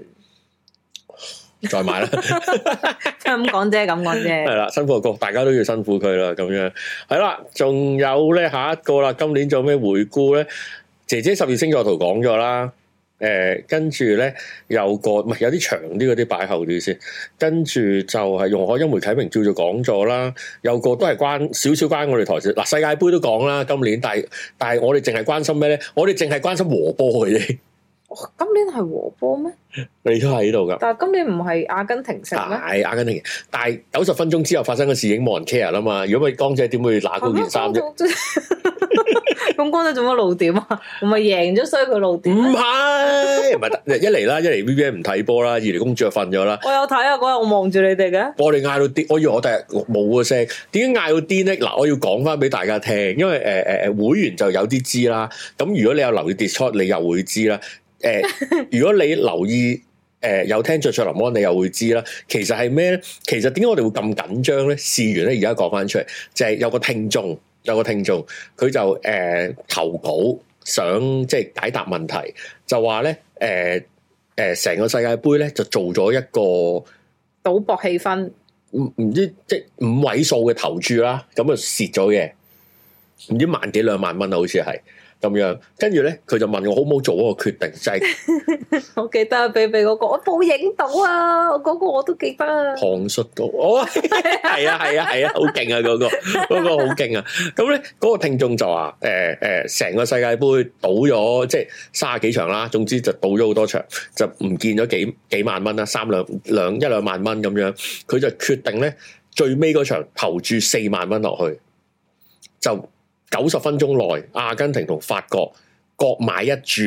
再買啦。咁講啫，咁講啫。係啦，辛苦阿哥，大家都要辛苦佢啦。咁樣，係啦，仲有咧，下一個啦。今年做咩回顧咧？姐姐十二星座圖講咗啦。誒、呃，跟住咧有個唔係有啲長啲嗰啲擺後啲先，跟住就係容海恩、梅啟明叫做講座啦，有個都係關少少關我哋台事，嗱、啊、世界盃都講啦，今年但係但係我哋淨係關心咩咧？我哋淨係關心和波嘅啫。今年係和波咩？你都喺度噶，但係今年唔係阿根廷勝咩？係阿根廷，但係九十分鐘之後發生嘅事已經冇人 care 啦嘛。如果咪江仔點會拿高件衫啫？咁江仔做乜露點啊？唔係贏咗，所以佢露點、啊。唔係，唔係一嚟啦，一嚟 VBA 唔睇波啦，二嚟公主就瞓咗啦。我有睇啊，嗰日我望住你哋嘅。我哋嗌到啲，我以為我第日冇個聲。點解嗌到啲呢？嗱，我要講翻俾大家聽，因為誒誒、呃呃、會員就有啲知啦。咁如果你有留意 Discord 你又會知啦。誒、 呃，如果你留意，誒、呃、有聽卓卓林安，你又會知啦。其實係咩咧？其實點解我哋會咁緊張咧？事緣咧，而家講翻出，嚟，就係、是，有個聽眾，有個聽眾，佢就誒、呃、投稿，想即係解答問題，就話咧，誒、呃、誒、成、呃、個世界杯咧就做咗一個賭博氣氛，唔唔知即係五位數嘅投注啦，咁啊蝕咗嘅，唔知萬幾兩萬蚊啊，好似係。咁樣，跟住咧，佢就問我好唔好做嗰個決定，就係、係、 我記得、啊，俾比我個，我冇影到啊，我嗰個我都記得啊，旁述到，哦，係 啊，係啊，係啊，好勁啊嗰、啊嗰個，嗰、嗰個好勁啊，咁咧嗰個聽眾就話，誒、欸、誒，成、欸、個世界盃賭咗，即係三十幾場啦，總之就賭咗好多場，就唔見咗幾幾萬蚊啦，三兩兩一兩萬蚊咁樣，佢就決定咧最尾嗰場投注四萬蚊落去，就。九十分鐘內，阿根廷同法國各買一注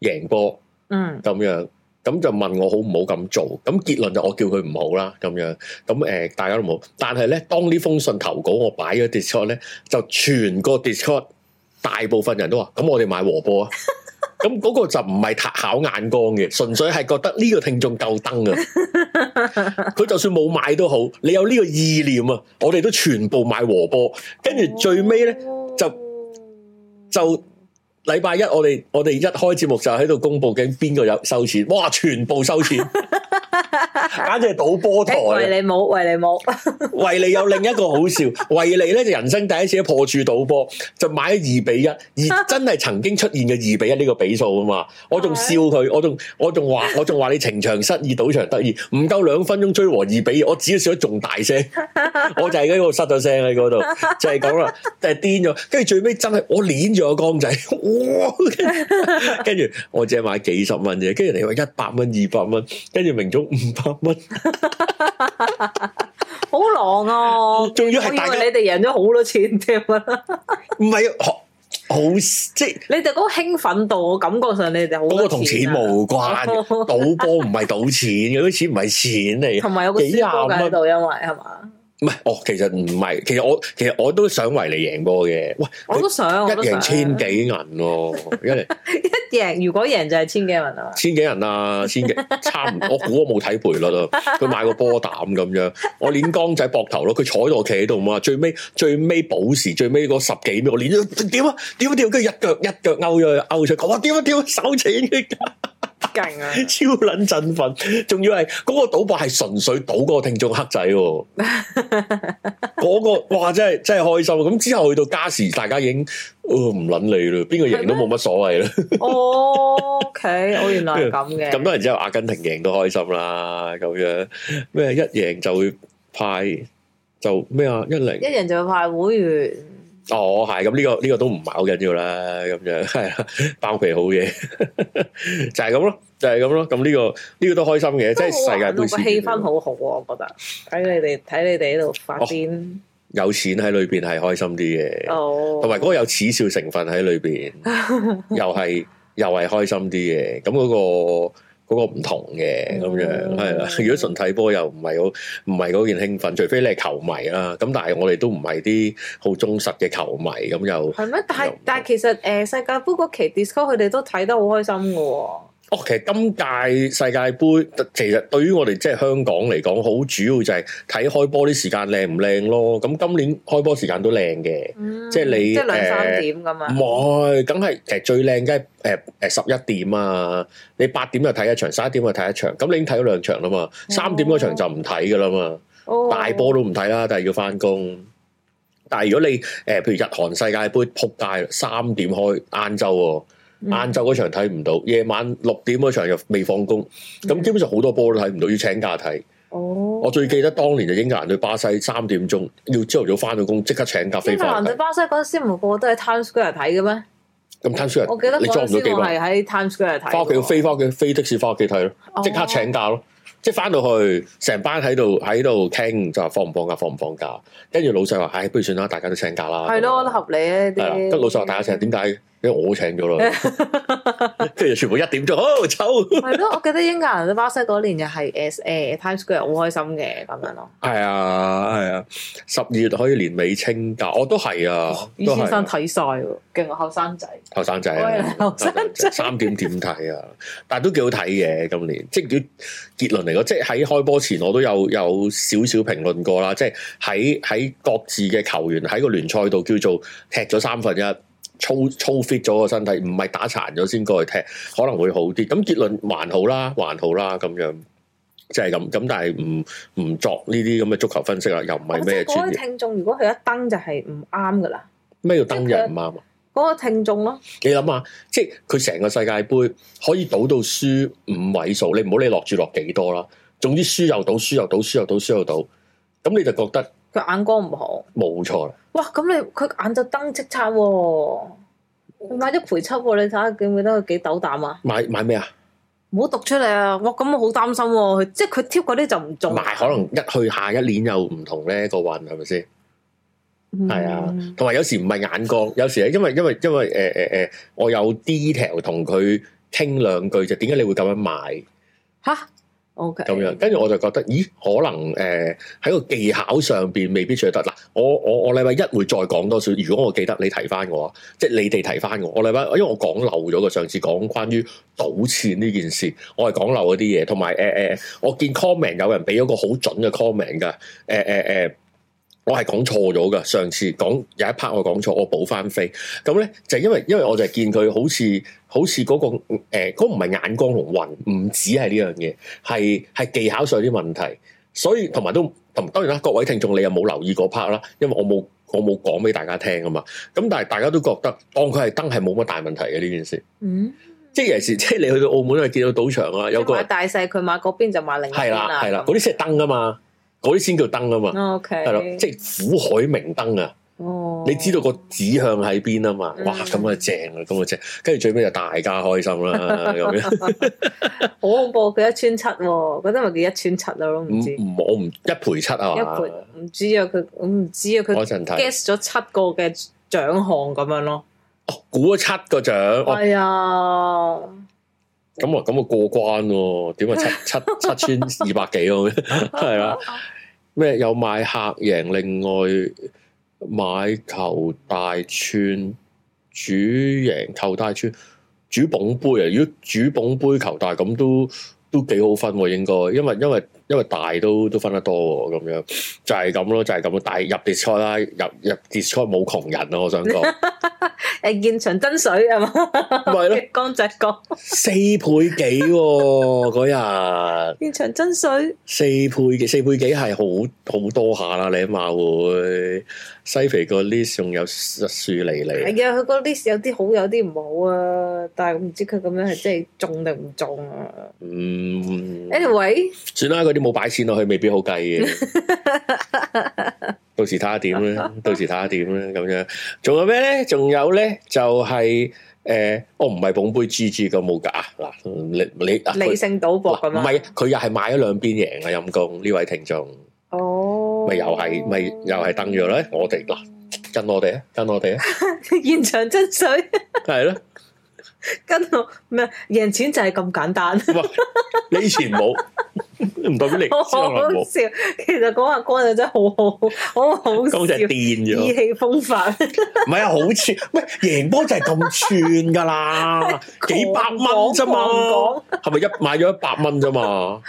贏波，嗯，咁樣咁就問我好唔好咁做，咁結論就我叫佢唔好啦，咁樣咁誒、呃、大家都唔好。但係咧當呢封信投稿我擺咗 Discord 咧，就全個 d i s c o r 大部分人都話，咁我哋買和波啊。 咁嗰個就唔係太考眼光嘅，純粹係覺得呢個聽眾夠登啊！佢 就算冇買都好，你有呢個意念啊，我哋都全部買和波，跟住最尾咧就就禮拜一我哋我哋一開節目就喺度公布緊邊個有收錢，哇！全部收錢。 簡直係賭波台。維尼冇，維你冇。維你 有另一個好笑，維你咧就人生第一次喺破處賭波，就買咗二比一，而真係曾經出現嘅二比一呢個比數啊嘛。我仲笑佢，我仲我仲話，我仲話你情場失意，賭場得意，唔夠兩分鐘追和二比二，我只要笑得仲大聲、 就是就是，我就喺嗰度失咗聲喺嗰度，就係咁啦，就係癲咗。跟住最尾真係我捻住個缸仔，哇！跟 住我淨係買幾十蚊啫，跟住你話一百蚊，二百蚊，跟住明早。五百蚊，好狼哦！仲要係大家你哋贏咗好多錢添啊？唔係好，即係你哋嗰個興奮度，我感覺上你哋好、啊。嗰個同錢無關，賭波唔係賭錢。 錢錢有啲錢唔係錢嚟，同埋有個私波喺度，因為係嘛？唔係，哦，其實唔係，其實我其實我都想為你贏波嘅，喂，我都想，我都想一贏千幾銀咯， 一贏一贏，如果贏就係千幾銀啊，啊，千幾銀 啊，千幾，差唔多，我估我冇睇賠率咯，佢買個波膽咁樣，我鏈鋼仔膊頭咯，佢坐咗我企喺度，唔最尾最尾補時，最尾嗰十幾秒我，我鏈咗點啊點啊跟住一腳一腳勾咗勾出，我話點啊點啊手錢嘅、啊。勁啊！ 超捻振奮，仲要係嗰個賭博係純粹賭嗰個聽眾黑仔，嗰、 嗰個哇真係真係開心。咁之後去到加時，大家已經唔捻理啦，邊個贏都冇乜所謂啦。哦嗎 ，OK，我原來咁嘅咁多人之後，阿根廷贏都開心啦，咁樣咩一贏就會派就咩啊一零一贏就會派會員。哦，係咁呢個呢個都唔咬緊要啦，咁樣係啦，包皮好嘢， 就係咁咯，就係咁咯，咁呢個呢個都開心嘅，即係世界杯氣氛好好，我覺得睇你哋睇你哋喺度發展，哦，有錢喺裏邊係開心啲嘅，哦，同埋嗰個有恥笑成分喺裏邊，又係又係開心啲嘅，咁嗰個。嗰個唔同嘅咁樣，係啦、mm.。如果純睇波又唔係好，唔係嗰件興奮，除非你係球迷啦、啊。咁但係我哋都唔係啲好忠實嘅球迷，咁又係咩？但係但係其實誒、呃，世界波嗰期 Discord 佢哋都睇得好開心嘅喎、哦。哦，其實今屆世界盃，其實對於我哋即係香港嚟講，好主要就係睇開波啲時間靚唔靚咯。咁今年開波時間都靚嘅，嗯、即係你即係兩三點誒，唔係、呃，梗係誒最靚，梗係誒誒十一點啊！你八點就睇一場，十一點就睇一場，咁你已經睇咗兩場啦嘛。三、哦、點嗰場就唔睇噶啦嘛，哦、大波都唔睇啦，但係要翻工。但係如果你誒、呃，譬如日韓世界盃，撲街三點開，晏晝喎！晏晝嗰場睇唔到，夜晚六點嗰場又未放工，咁基本上好多波都睇唔到，要請假睇。哦！Oh. 我最記得當年就英格蘭對巴西三點鐘，要朝頭早翻到工即刻請假飛。英格蘭對巴西嗰陣、那個、時唔係個個都喺 Times Square 睇嘅咩？咁 Times Square 我記得你裝唔到幾多？喺 Times Square 睇返屋企要飛飛的士返屋企睇咯，即刻請假咯，oh. 即係翻到去成班喺度喺度傾就話放唔放假放唔放假，跟住老細話唉不如算啦，大家都請假啦。係咯，都合理啊啲。跟的老細話大家成日點解？因為、欸、我請咗咯，跟 住全部一點鐘，好、哦、走。係咯， 我記得英格蘭巴西嗰年又係 s 誒 Times Square 好開心嘅咁樣咯。係啊係啊，十、哎、二月可以年尾清假，我、哦、都係啊。李、啊、先生睇曬喎，勁過後生仔，後生仔，後生仔，三點點睇啊！但係都幾好睇嘅今年，即係叫結論嚟講，即係喺開波前我都有有，有少少評論過啦，即係喺喺各自嘅球員喺個聯賽度叫做踢咗三分一。粗粗 fit 咗個身體，唔係打殘咗先過去踢可能會好啲。咁結論還好啦，還好啦，咁樣即係咁咁，但係唔唔作呢啲咁嘅足球分析啦，又唔係咩？嗰啲、哦、聽眾如果佢一登就係唔啱噶啦，咩叫登就唔啱啊？嗰錯個聽眾咯，你諗下，即係佢成個世界盃可以賭到輸五位數，你唔好理你落住落幾多啦，總之輸又賭，輸又賭，輸又賭，輸又賭，咁你就覺得。佢眼光唔好，冇錯啦。哇，咁你佢眼就燈色差，佢買一賠七，你睇下記唔記得佢幾斗膽啊？買買咩啊？唔好、啊、讀出嚟啊！哇，咁我好擔心喎、啊。即係佢挑嗰啲就唔中。買可能一去下一年又唔同咧，個運係咪先？係、嗯、啊，同埋有，有時唔係眼光，有時咧因為因為因為誒誒誒，我有 detail 同佢傾兩句就點解你會咁樣買？吓？O K，咁樣，跟住 Okay. 我就覺得，咦，可能誒喺、呃、個技巧上邊未必取得嗱，我我我禮拜一會再講多少，如果我記得你提翻嘅話，即係你哋提翻嘅，我禮拜，因為我講漏咗嘅，上次講關於賭錢呢件事，我係講漏嗰啲嘢，同埋誒誒，我見 comment 有人俾咗個好準嘅 comment 噶，誒誒誒。呃呃我係講錯咗噶，上次講有一 part 我講錯，我補翻飛咁咧，就是，因為因為我就係見佢好似好似嗰、嗰個誒，嗰唔係眼光同運，唔止係呢樣嘢，係係技巧上啲問題，所以同埋都同當然啦，各位聽眾你又冇留意嗰 part 啦，因為我冇我冇講俾大家聽啊嘛，咁但係大家都覺得當佢係燈係冇乜大問題嘅呢件事，嗯，即係有時即係你去到澳門啊，見到賭場啊，嗯、有個大細佢買嗰邊就買另一邊係啦，係啦，嗰啲先係燈啊嘛。嗰啲先叫燈啊嘛，OK，係咯，即係苦海明燈啊！你知道個指向喺邊啊嘛？哇，咁啊正啊，咁啊正！跟住最屘就大家開心啦。好恐怖，佢一千七，嗰啲咪叫一千七咯，唔知唔我唔一賠七啊，唔知啊，佢我唔知啊，佢 guess 咗七個嘅獎項咁樣咯。哦，估咗七個獎，係啊，咁啊，咁啊過關，點解七七七千二百幾，係啦。咩有買客贏，另外買球大串主贏，贏球大串主捧杯啊！如果主捧杯球大咁都都幾好分喎，啊，應該，因為因為。因為大都都分得多喎，咁樣就係咁咯，就係咁咯。但係入決賽啦，入賽入決賽冇窮人咯，我想講。誒， 現場真水係嘛？咪咯，光仔哥四倍幾嗰日？ 天現場真水四倍幾？四倍幾係好好多下啦，你起碼會西肥個 list 仲有樹嚟嚟。係啊，佢個 list 有啲好，有啲唔好啊。但係我唔知佢咁樣係真係中定唔中啊？嗯。Anyway，算啦，佢啲。冇擺錢落去，未必好計嘅。到時睇下點咧，到時睇下點咧，咁樣。仲有咩咧？仲有咧，就係、是、誒、呃，我唔係捧杯支持咁，冇噶。嗱、啊，你你理性賭博咁，唔係佢又係買咗兩邊贏啊！陰公呢位聽眾哦，咪又係咪又係登咗咧？我哋嗱，跟我哋啊，跟我哋啊，現場真水係咯，跟我咩贏錢就係咁簡單。 你以前冇。唔代表你笑，其實講話光就真好好好好好，光就係癲意氣風發。唔係啊，好串，喂，贏波就係咁串噶啦，幾百蚊咋嘛？係咪一買咗一百蚊咋嘛？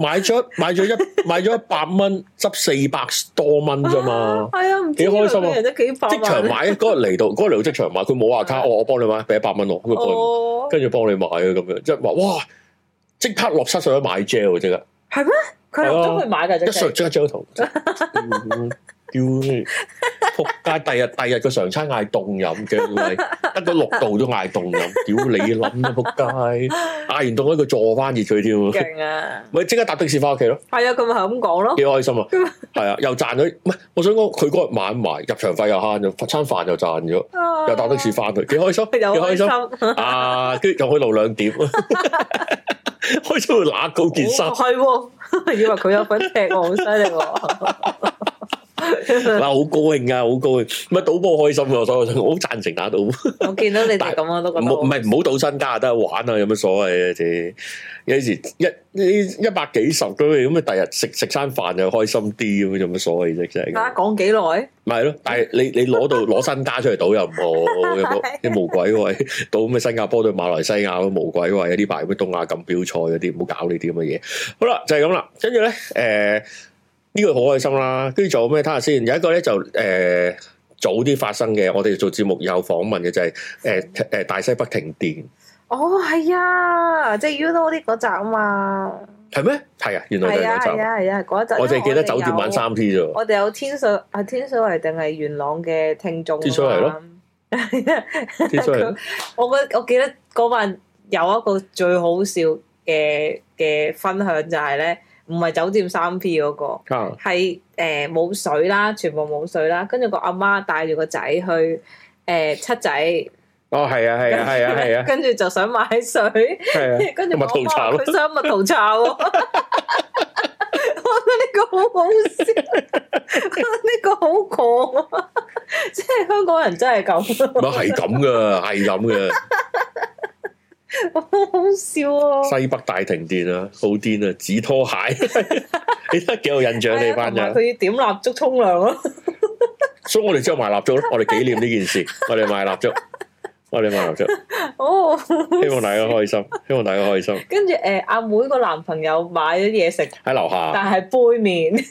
買咗買咗一買咗一百蚊，執四百多蚊咋嘛？係啊，幾開心啊！即場買嗰日嚟到，嗰日嚟到即場買，佢冇話卡，我我幫你買，俾一百蚊我，跟住幫你買啊咁樣，即係話哇。.即刻落七十去買 gel 即刻係咩？佢都去買噶即刻即刻 Jell 圖，屌仆街！第日第日個常差嗌凍飲嘅，得個六度都嗌凍飲，屌你諗啊仆街！嗌完凍咧，佢坐翻熱佢添，咪即刻搭的士翻屋企咯。係啊，佢咪係咁講咯，幾開心啊！係啊，又賺咗。唔係，我想講佢嗰日買埋入場費又慳咗，餐飯又賺咗，又搭的士翻去，幾開心，幾開心啊！跟住又可以露兩點。開始會揦高件衫，哦，係，以為佢有份砌我，好犀利。嗱，好高興啊，好高興，乜賭波開心嘅，所以，我好贊成打賭。我見到你咁，我都唔唔係唔好賭身家，得玩啊，有乜所謂啊？啫，有時一一一百幾十咁，咁啊，第日食食餐飯就開心啲咁，有乜所謂啫？真係。講幾耐？唔係咯，但係你你攞到攞身家出嚟賭又唔好，又冇，又冇鬼位賭咩新加坡對馬來西亞都，冇鬼位啊！有啲牌咩東亞錦標賽嗰啲，唔好搞呢啲咁嘅嘢。好啦，就係咁啦，跟住咧，誒。呢個好開心啦，跟住仲有咩？睇下先，有一個咧，就誒、呃、早啲發生嘅，我哋做節目有訪問嘅就係誒誒大西北停電。哦，係啊，即係 You know 啲嗰集啊嘛。係咩？係啊，原來就係啊係啊，嗰集、啊啊、我淨係記得酒店玩三 T 啫。T 我哋有天水係天水圍定係元朗嘅聽眾。天水圍咯。天水圍。 我我記得嗰晚有一個最好笑嘅嘅分享就係、是、咧。唔係酒店三 P 嗰，那個，係誒冇水啦，全部冇水啦。跟住個阿媽帶住個仔去誒、呃、七仔，哦係啊係啊係啊係啊。跟住、啊啊啊、就想買水，跟住、啊、蜜桃茶咯。佢想蜜桃茶，我覺得呢個好好笑，， 得、這、呢個好狂啊！即係香港人真係咁、 嗯，乜係咁噶，係咁噶。 好好笑啊！西北大停電啊，好癲啊，紙拖鞋，你都幾有印象呢班人。佢點蠟燭沖涼咯，所以我哋之後賣蠟燭咯，我哋紀念呢件事，我哋賣蠟燭，我哋賣蠟燭。哦，希望大家開心，希望大家開心。跟住誒，阿妹個男朋友買咗嘢食喺樓下，但係杯麵，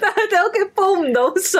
但係佢哋屋企煲唔到水。